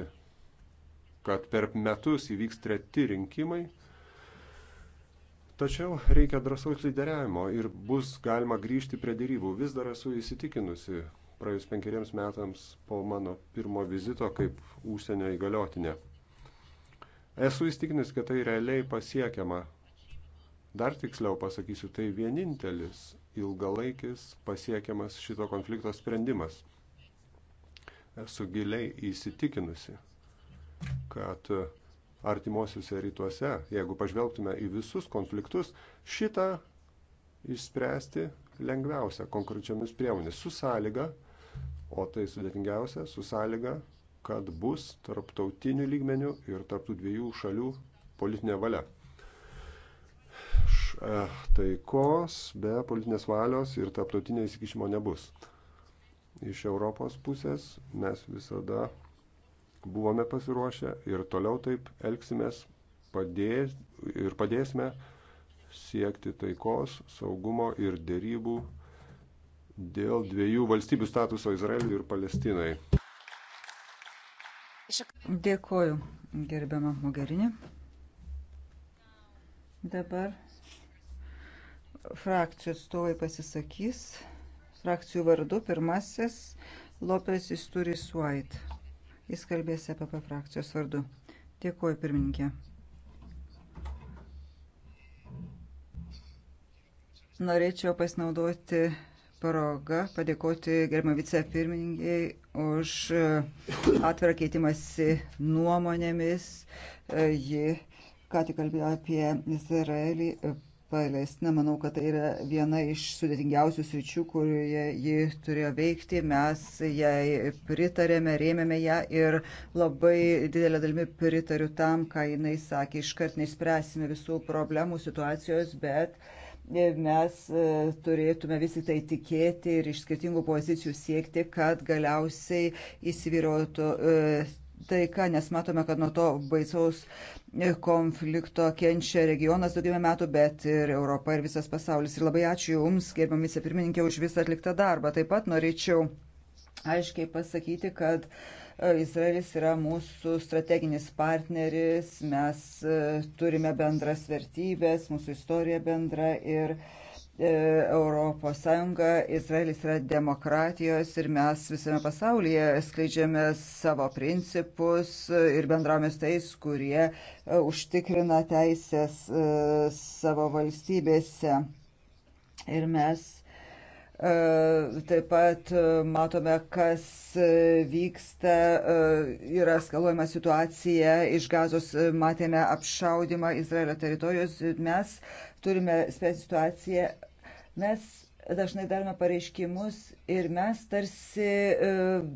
kad per metus įvyks treti rinkimai. Tačiau reikia drąsaus lyderiavimo ir bus galima grįžti prie dėrybų. Vis dar esu įsitikinusi, praėjus penkeriems metams po mano pirmo vizito kaip užsienio įgaliotinė. Esu įsitikinęs, kad tai realiai pasiekiama. Dar tiksliau pasakysiu, tai vienintelis ilgalaikis pasiekiamas šito konflikto sprendimas esu giliai įsitikinusi, kad artimuosiuose rytuose, jeigu pažvelgtume į visus konfliktus, šitą išspręsti lengviausia konkrečiomis priemonės su sąlyga, o tai sudėtingiausia, su sąlyga, kad bus tarptautinių lygmenių ir tarptų dviejų šalių politinė valia. E, taikos be politinės valios ir tarptautinio įsikišimo nebus iš Europos pusės. Mes visada buvome pasiruošę ir toliau taip elgsimės padės, ir padėsime siekti taikos, saugumo ir dėrybų dėl dviejų valstybių statuso Izraeliui ir Palestinai. Dėkoju, gerbiama Mogerinė. Dabar frakcijų atstovai pasisakys frakcijų vardu. Pirmasis Lopes Isturis White. Jis kalbės EPP frakcijos vardu. Dėkuoju, pirmininkė. Norėčiau pasinaudoti progą padėkoti gerbimo vicepirmininkiai už e, atvirą keitimąsi nuomonėmis. E, ji ką tik kalbėjo apie Izraelį paleistina. Manau, kad tai yra viena iš sudėtingiausių sričių, kurioje ji turėjo veikti. Mes jai pritarėme, rėmėme ją ir labai didelė dalimi pritariu tam, ką jinai sakė. Iškart neišspręsime visų problemų situacijos, bet mes e, turėtume vis tik tai tikėti ir iš skirtingų pozicijų siekti, kad galiausiai įsivyrotų e, taika, nes matome, kad nuo to baisaus konflikto kenčia regionas daugybę metų, bet ir Europa ir visas pasaulis. Ir labai ačiū Jums, gerbiamis pirmininkė, už visą atliktą darbą. Taip pat norėčiau aiškiai pasakyti, kad e, Izraelis yra mūsų strateginis partneris, mes e, turime bendras vertybės, mūsų istorija bendra ir uh, E, Europos Sąjunga, Izraelis yra demokratijos ir mes visame pasaulyje skleidžiame savo principus ir bendramės tais, kurie e, užtikrina teisės e, savo valstybėse. Ir mes taip pat matome, kas vyksta, yra skaluojama situacija, iš gazos matėme apšaudimą Izraelio teritorijos, mes turime spręsti situaciją. Mes dažnai darome pareiškimus ir mes tarsi e,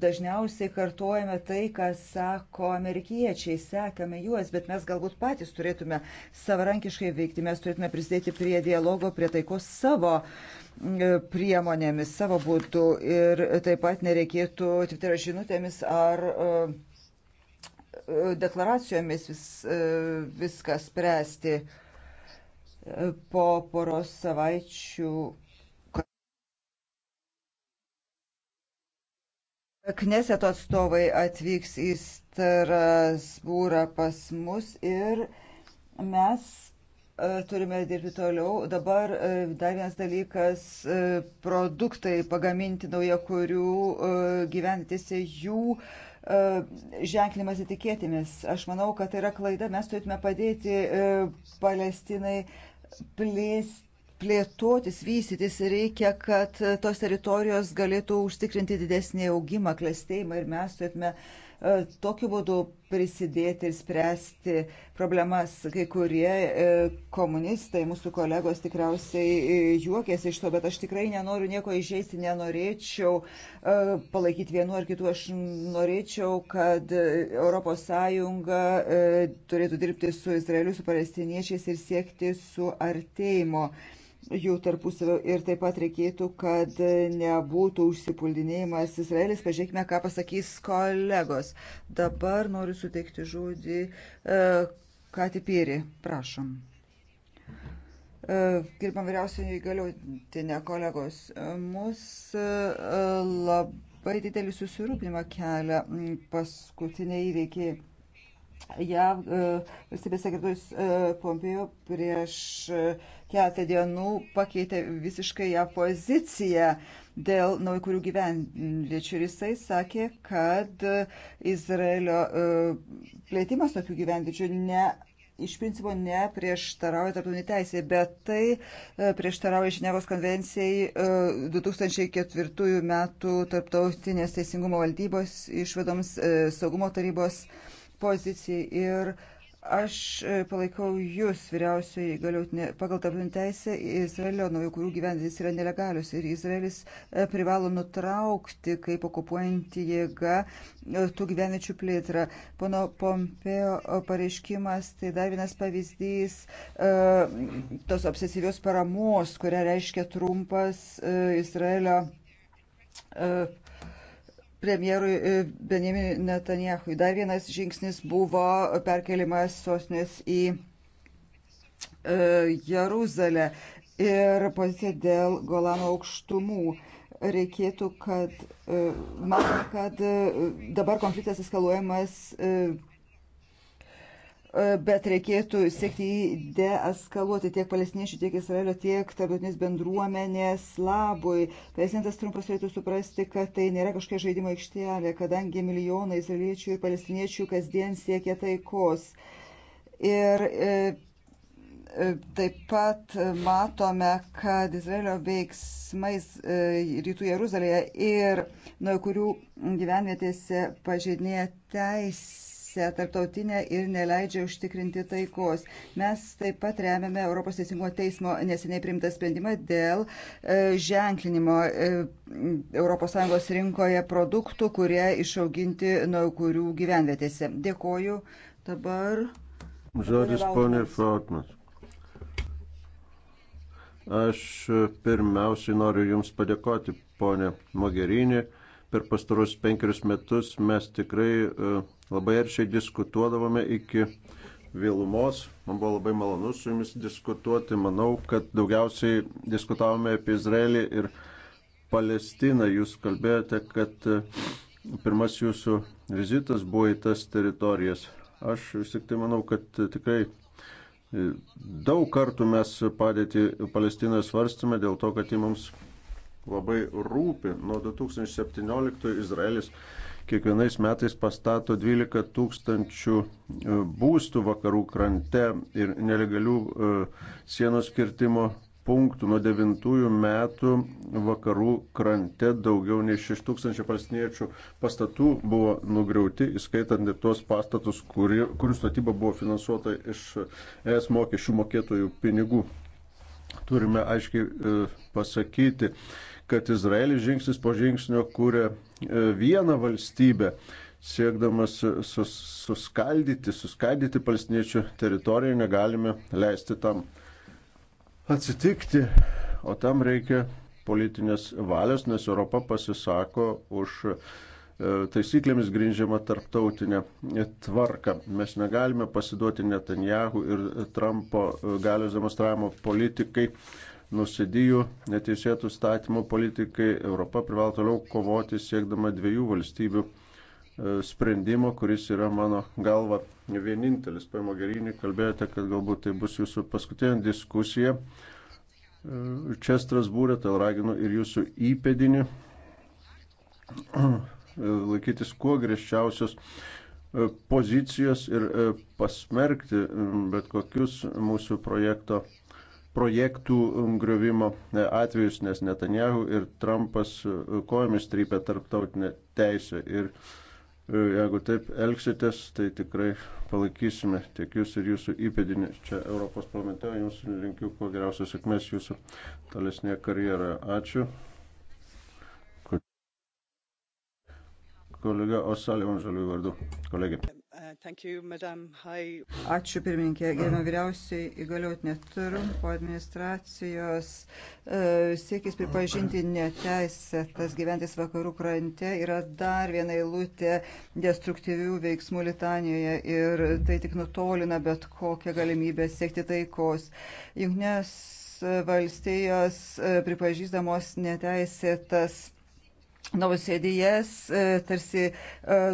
dažniausiai kartuojame tai, ką sako amerikiečiai, sekame juos, bet mes galbūt patys turėtume savarankiškai veikti, mes turėtume prisidėti prie dialogo, prie taikos savo e, priemonėmis, savo būtų ir taip pat nereikėtų Twitter žinutėmis ar e, deklaracijomis vis, viską spręsti po poros savaičių Kneseto atstovai atvyks į Strasbūrą pas mus ir mes e, turime dirbti toliau. Dabar e, dar vienas dalykas e, - produktai pagaminti nauja, kurių gyventėsi jų ženklimas etiketėmis. Aš manau, kad tai yra klaida. Mes turėtume padėti Palestinai plėsti plėtotis, vystytis reikia, kad tos teritorijos galėtų užtikrinti didesnį augimą, klėstėjimą ir mes turėtume uh, E, tokiu būdu prisidėti ir spręsti problemas. Kai kurie e, komunistai, mūsų kolegos tikriausiai e, juokėsi iš to, bet aš tikrai nenoriu nieko įžeisti, nenorėčiau palaikyti vienu ar kitu, aš norėčiau, kad ES turėtų dirbti su Izraeliu, su palestiniečiais ir siekti su artėjimo jų tarpusavio ir taip pat reikėtų, kad nebūtų užsipuldinėjimas Izraelis. Pažiūrėkime, ką pasakys kolegos. Dabar noriu suteikti žodį e, Katipyri. Prašom. E, Gerbam vyriausiai įgaliotinę kolegos. Mus e, labai didelį susirūpinimą kelia paskutiniai įveikiai. JAV e, valstybės sekretorius e, Pompėjo prieš e, keletą dienų pakeitė visiškai ją poziciją dėl naujų gyvenviečių. Ir jisai sakė, kad Izraelio plėtimas tokių gyvenviečių ne. Iš principo neprieštarauja tarptautinė teisė, bet tai prieštarauja Ženevos konvencijai 2004 metų tarptautinės teisingumo valdybos išvedoms saugumo tarybos pozicijai ir aš e, palaikau jūs vyriausioji galiotinė pagal tarptautinę teisę Izraelio naujų kurių gyvendys yra nelegalius ir Izraelis e, privalo nutraukti kaip okupuojanti jėga e, tų gyvenviečių plėtrą. Pono Pompeo pareiškimas tai dar vienas pavyzdys tos obsesyvios paramos, kurią reiškia trumpas Izraelio premjerui e, Benjaminui Netanjahui. Dar vienas žingsnis buvo perkelimas sosnės į e, Jeruzalę ir pozicija dėl Golano aukštumų. Reikėtų, kad e, matome, kad dabar konfliktas eskaluojamas E, bet reikėtų siekti jį deeskaluoti tiek palestiniečių, tiek Izraelio, tiek tarptautinės bendruomenės labui. Prezidentas Trumpas turėtų suprasti, kad tai nėra kažkokia žaidimo aikštelė, kadangi milijonai izraeliečių ir palestiniečių kasdien siekia taikos. Ir e, e Taip pat matome, kad Izraelio veiksmais e, rytų Jeruzalėje ir nuo kurių gyvenvietėse pažeidinėja teisė teisę tarptautinę ir neleidžia užtikrinti taikos. Mes taip pat remiame Europos Teisingumo teismo neseniai primtą sprendimą dėl e, ženklinimo e, ES rinkoje produktų, kurie išauginti naukurių gyvenvietėse. Dėkoju. Dabar. Žodis ponė Fautmas. Aš pirmiausiai noriu Jums padėkoti, ponė Mogerinė per pastarus penkerius metus mes tikrai uh, Labai aršiai diskutuodavome iki vėlumos. Man buvo labai malonu su jumis diskutuoti. Manau, kad daugiausiai diskutavome apie Izraelį ir Palestiną. Jūs kalbėjote, kad e, pirmas jūsų vizitas buvo į tas teritorijas. Aš vis tik tai manau, kad e, tikrai e, daug kartų mes padėti Palestinoje svarstame dėl to, kad ji mums labai rūpi. Nuo 2017 Izraelis kiekvienais metais pastato 12 tūkstančių e, būstų vakarų krante ir nelegalių e, sienos kirtimo punktų. Nuo 9 metų vakarų krante daugiau nei 6 tūkstančių palestiniečių pastatų buvo nugriauti, įskaitant ir tos pastatus, kuri, kurių statyba buvo finansuota iš ES mokesčių mokėtojų pinigų. Turime aiškiai e, pasakyti, kad Izraelis žingsnis po žingsnio kūrė e, vieną valstybę, siekdamas sus, suskaldyti, suskaldyti palestiniečių teritoriją, negalime leisti tam atsitikti, o tam reikia politinės valios, nes Europa pasisako už e, taisyklėmis grindžiama tarptautinė tvarka. Mes negalime pasiduoti Netanjahu ir Trumpo e, galios demonstravimo politikai nusidijų neteisėtų statymų politikai. Europa privalo toliau kovoti siekdama dviejų valstybių e, sprendimo, kuris yra mano galva vienintelis. Paimo Gerinį kalbėjote, kad galbūt tai bus jūsų paskutinė diskusija. E, čia Strasbūrė, tai raginu ir jūsų įpėdinį e, laikytis kuo greščiausios pozicijos ir pasmerkti bet kokius mūsų projekto projektų um, griovimo e, atvejus, nes Netanjahu ir Trumpas e, kojomis trypia tarptautinę teisę. Ir e, jeigu taip elgsitės, tai tikrai palaikysime tiek jūs ir jūsų įpėdinį čia Europos parlamente. Jums linkiu kuo geriausios sėkmės jūsų tolesnėje karjeroje. Ačiū. Kolega Osalė Vanžalių vardu. Kolegė. Ačiū pirmininkė, gerbiam vyriausiai įgaliotinė Trumpo administracijos e, siekis pripažinti neteisę tas gyventis vakarų krante yra dar viena eilutė destruktyvių veiksmų Litanijoje ir tai tik nutolina bet kokią galimybę siekti taikos. Jungnes valstijos e, pripažįstamos neteisėtas Nausėdijas e, tarsi e,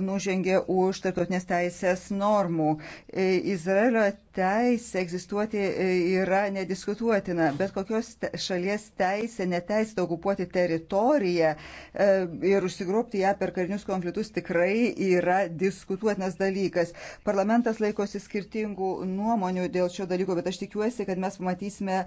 nužengė už tarptautinės teisės normų. E, Izraelio teisė egzistuoti e, yra nediskutuotina, bet kokios šalies teisė neteisėta okupuoti teritoriją e, ir užsigrobti ją per karinius konfliktus tikrai yra diskutuotinas dalykas. Parlamentas laikosi skirtingų nuomonių dėl šio dalyko, bet aš tikiuosi, kad mes pamatysime e,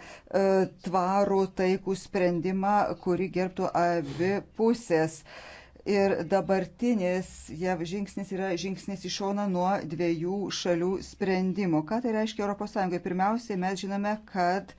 tvarų taikų sprendimą, kuri gerbtų abi pusės. Uh, Ir dabartinis jav žingsnis yra žingsnis į šoną nuo dviejų šalių sprendimo. Ką tai reiškia ES? Pirmiausiai mes žinome, kad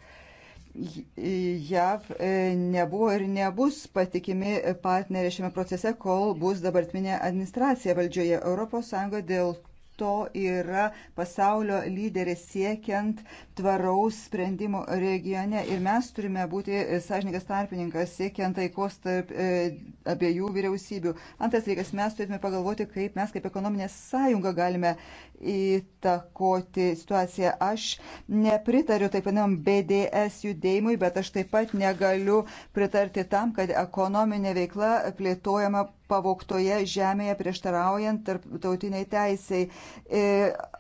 JAV e, nebuvo ir nebus patikimi partneriai šiame procese, kol bus dabartinė administracija valdžioje. ES dėl to yra pasaulio lyderis siekiant tvaraus sprendimo regione. Ir mes turime būti sąžininkas tarpininkas siekiant taikos tarp e, abiejų vyriausybių. Antras dalykas, mes turėtume pagalvoti, kaip mes kaip ekonominė sąjunga galime įtakoti situaciją. Aš nepritariu taip vadinam BDS judėjimui, bet aš taip pat negaliu pritarti tam, kad ekonominė veikla plėtojama pavoktoje žemėje prieštaraujant tarptautiniai teisiai. E,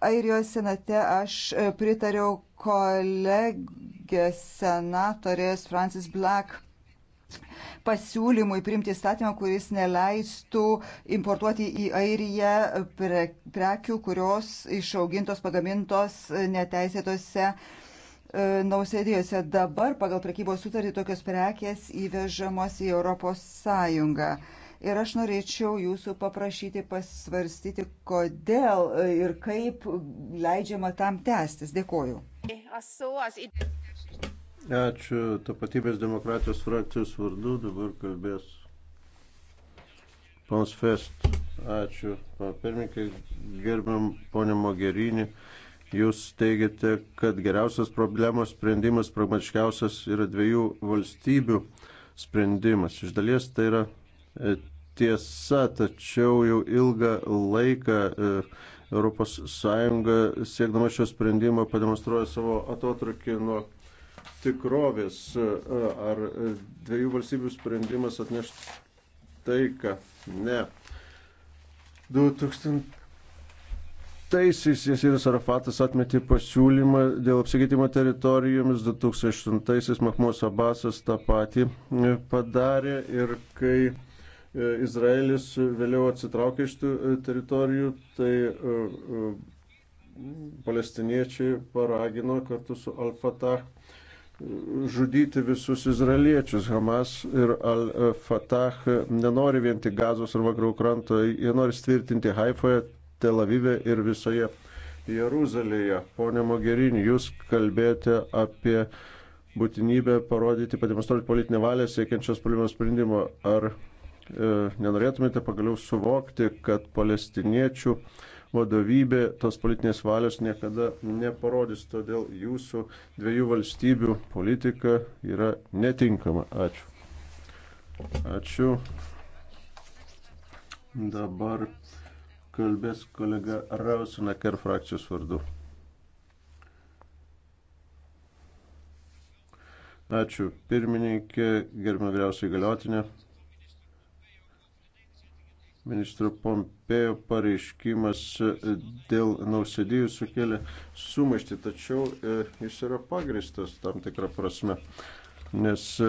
Airijos senate aš e, pritariau kolegės senatorės Francis Black pasiūlymui primti įstatymą, kuris neleistų importuoti į Airiją prekių, kurios išaugintos, pagamintos e, neteisėtose nausėdijose. Dabar pagal prekybos sutartį tokios prekės įvežamos į Europos Sąjungą. Ir aš norėčiau jūsų paprašyti pasvarstyti, kodėl ir kaip leidžiama tam tęstis. Dėkoju. Ačiū tapatybės demokratijos frakcijos vardu. Dabar kalbės Pons Fest. Ačiū. Pirmininkai, gerbiam ponę Mogerinį. Jūs teigiate, kad geriausias problemos sprendimas, pragmatiškiausias yra dviejų valstybių sprendimas. Iš dalies tai yra E, tiesa, tačiau jau ilgą laiką ES siekdama šio sprendimo pademonstruoja savo atotrukį nuo tikrovės. E, ar dviejų valstybių sprendimas atneš taiką? Ne. 2000. Taisiais Jasiris Arafatas atmetė pasiūlymą dėl apsikeitimo teritorijomis, 2008-aisiais Mahmus Abbasas tą patį e, padarė ir kai Izraelis vėliau atsitraukė iš tų e, teritorijų, tai e, e, palestiniečiai paragino kartu su Al-Fatah žudyti visus izraeliečius. Hamas ir Al-Fatah nenori vien tik gazos ar vakarų kranto, jie nori stvirtinti Haifoje, Tel Avive ir visoje Jeruzalėje. Pone Mogherini, jūs kalbėjote apie būtinybę parodyti, pademonstruoti politinę valią siekiančios problemos sprendimo. Ar E, nenorėtumėte pagaliau suvokti, kad palestiniečių vadovybė tos politinės valios niekada neparodys, todėl jūsų dviejų valstybių politika yra netinkama. Ačiū. Ačiū. Dabar kalbės kolega Rausinaker frakcijos vardu. Ačiū pirmininkė, gerbimo vyriausiai galiotinė ministro Pompėjo pareiškimas e, dėl nausėdijų sukėlė sumaištį, tačiau e, jis yra pagristas tam tikrą prasme, nes e,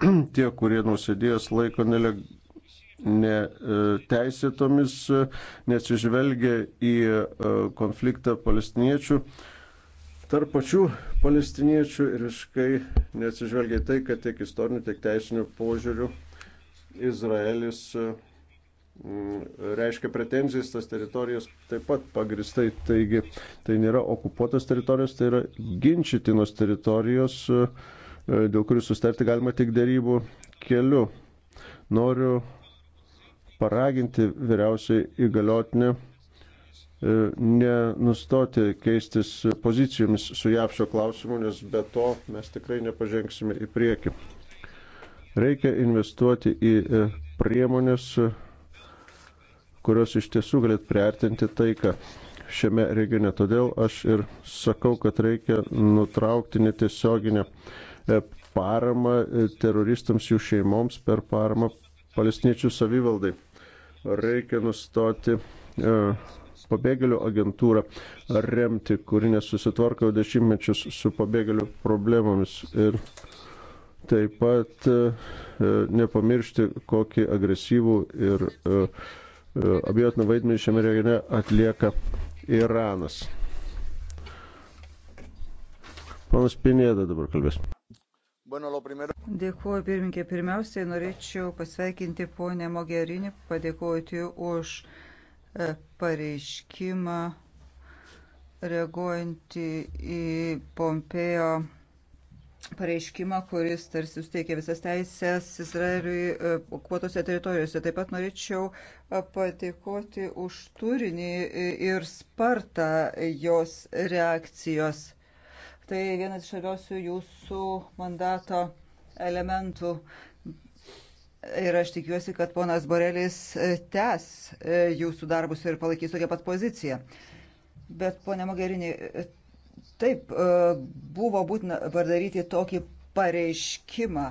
tie, kurie nausėdijas laiko neteisėtomis, nesižvelgia į konfliktą palestiniečių tarp pačių palestiniečių ir visiškai neatsižvelgia į tai, kad tiek istoriniu, tiek teisiniu požiūriu Izraelis Mm, reiškia pretenzijas tas teritorijas taip pat pagristai. Taigi tai nėra okupuotas teritorijos, tai yra ginčytinos teritorijos, e, dėl kurių sustarti galima tik dėrybų keliu. Noriu paraginti vyriausiai įgaliotinę e, nenustoti keistis pozicijomis su JAV šio klausimu, nes be to mes tikrai nepažengsime į priekį. Reikia investuoti į e, priemonės, kurios iš tiesų galėtų priartinti taiką šiame regione. Todėl aš ir sakau, kad reikia nutraukti netiesioginę e, paramą e, teroristams jų šeimoms per paramą palestiniečių savivaldai. Reikia nustoti e, pabėgėlių agentūrą remti, kuri nesusitvarko jau dešimtmečius su pabėgėlių problemomis. Ir taip pat nepamiršti, kokį agresyvų ir uh, E, abijotiną vaidmenį šiame regione atlieka Iranas. Panas Pinėda dabar kalbės. Dėkuoju, pirminkė. Pirmiausiai norėčiau pasveikinti ponę Mogerinį, padėkoti už e, pareiškimą reaguojantį į Pompėjo pareiškimą, kuris tarsi suteikia visas teisės Izraeliui e, okupuotose teritorijose. Taip pat norėčiau e, patikoti už turinį e, ir spartą jos reakcijos. Tai vienas iš svarbiausių jūsų mandato elementų. Ir aš tikiuosi, kad ponas Borelis tęs jūsų darbus ir palaikys tokią pat poziciją. Bet, ponia Mogherini, Taip, e, buvo būtina padaryti tokį pareiškimą.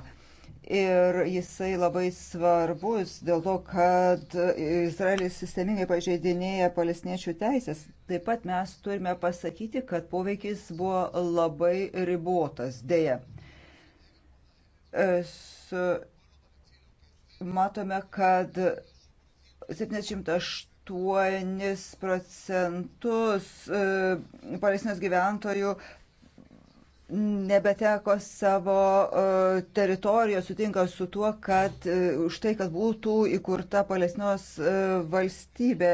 Ir jisai labai svarbus dėl to, kad Izraelis sistemingai pažeidinėja palestiniečių teisės. Taip pat mes turime pasakyti, kad poveikis buvo labai ribotas, dėja. E, matome, kad 78 8 procentus e, palestinos gyventojų nebeteko savo e, teritorijos, sutinka su tuo, kad e, už tai, kad būtų įkurta Palestinos valstybė.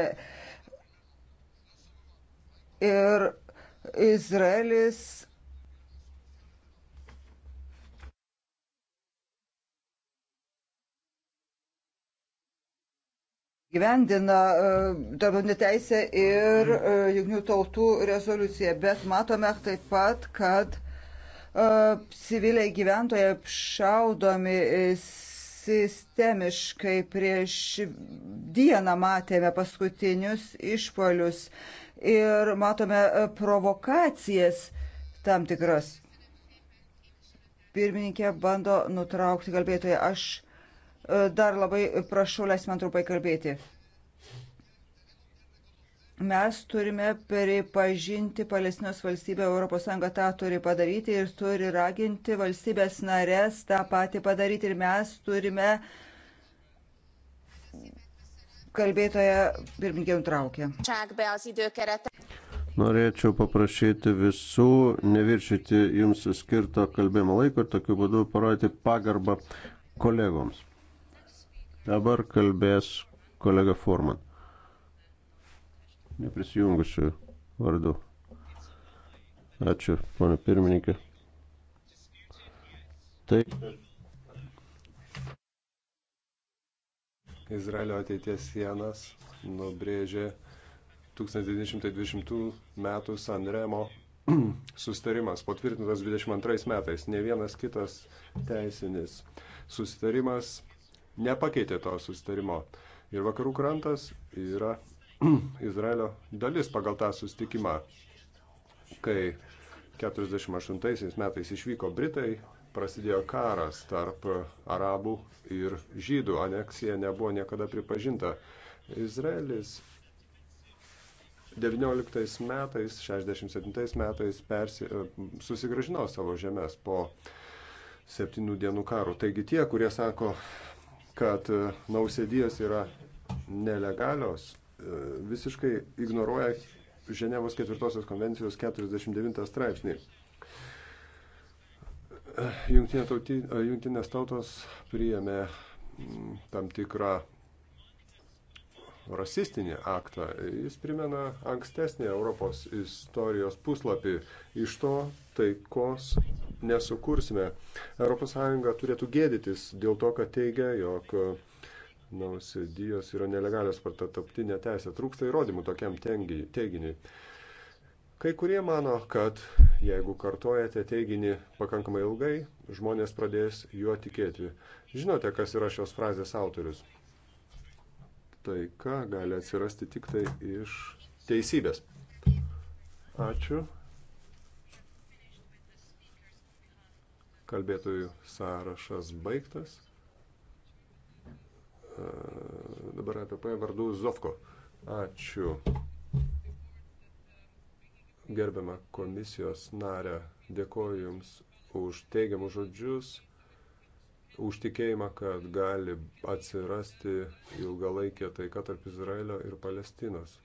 Ir Izraelis gyvendina e, tarptautinę teisę ir e, jungtinių tautų rezoliuciją, bet matome taip pat, kad e, civiliai gyventojai apšaudomi sistemiškai prieš dieną matėme paskutinius išpolius ir matome provokacijas tam tikras. Pirmininkė bando nutraukti kalbėtoją. Aš Dar labai prašau, leisime trupai kalbėti. Mes turime pripažinti Palestinos valstybę, ES tą turi padaryti ir turi raginti valstybės narės tą patį padaryti ir mes turime uh, kalbėtoja pirmininkė nutraukė. Norėčiau paprašyti visų neviršyti jums skirto kalbėjimo laiko ir tokiu būdu parodyti pagarbą kolegoms. Dabar kalbės kolega Forman. Neprisijungusiu vardu. Ačiū, mano pirmininkė. Tai. Izraelio ateities sienas nubrėžė 1920 m. Sanremo sustarimas, patvirtintas 22 metais. Ne vienas kitas teisinis sustarimas nepakeitė to sustarimo. Ir vakarų krantas yra Izraelio dalis pagal tą sustikimą. Kai 48 metais išvyko Britai, prasidėjo karas tarp arabų ir žydų. Aneksija nebuvo niekada pripažinta. Izraelis 19 metais, 67 metais persi, susigražino savo žemės po septynių dienų karų. Taigi tie, kurie sako, kad e, nausėdijos yra nelegalios, e, visiškai ignoruoja Ženevos ketvirtosios konvencijos 49 straipsnį. Jungtinė tauti, e, jungtinės tautos priėmė tam tikrą rasistinį aktą. Jis primena ankstesnį Europos istorijos puslapį. Iš to taikos nesukursime. ES turėtų gėdytis dėl to, kad teigia, jog nausėdijos yra nelegalios per taptinę teisę. Trūksta įrodymų tokiam teiginiui. Kai kurie mano, kad jeigu kartojate teiginį pakankamai ilgai, žmonės pradės juo tikėti. Žinote, kas yra šios frazės autorius? Taika gali atsirasti tik tai iš teisybės. Ačiū. Kalbėtojų sąrašas baigtas. Dabar apie P vardų Zovko. Ačiū. Gerbiama komisijos narė, dėkoju Jums už teigiamus žodžius, už tikėjimą, kad gali atsirasti ilgalaikė taika tarp Izraelio ir Palestinos.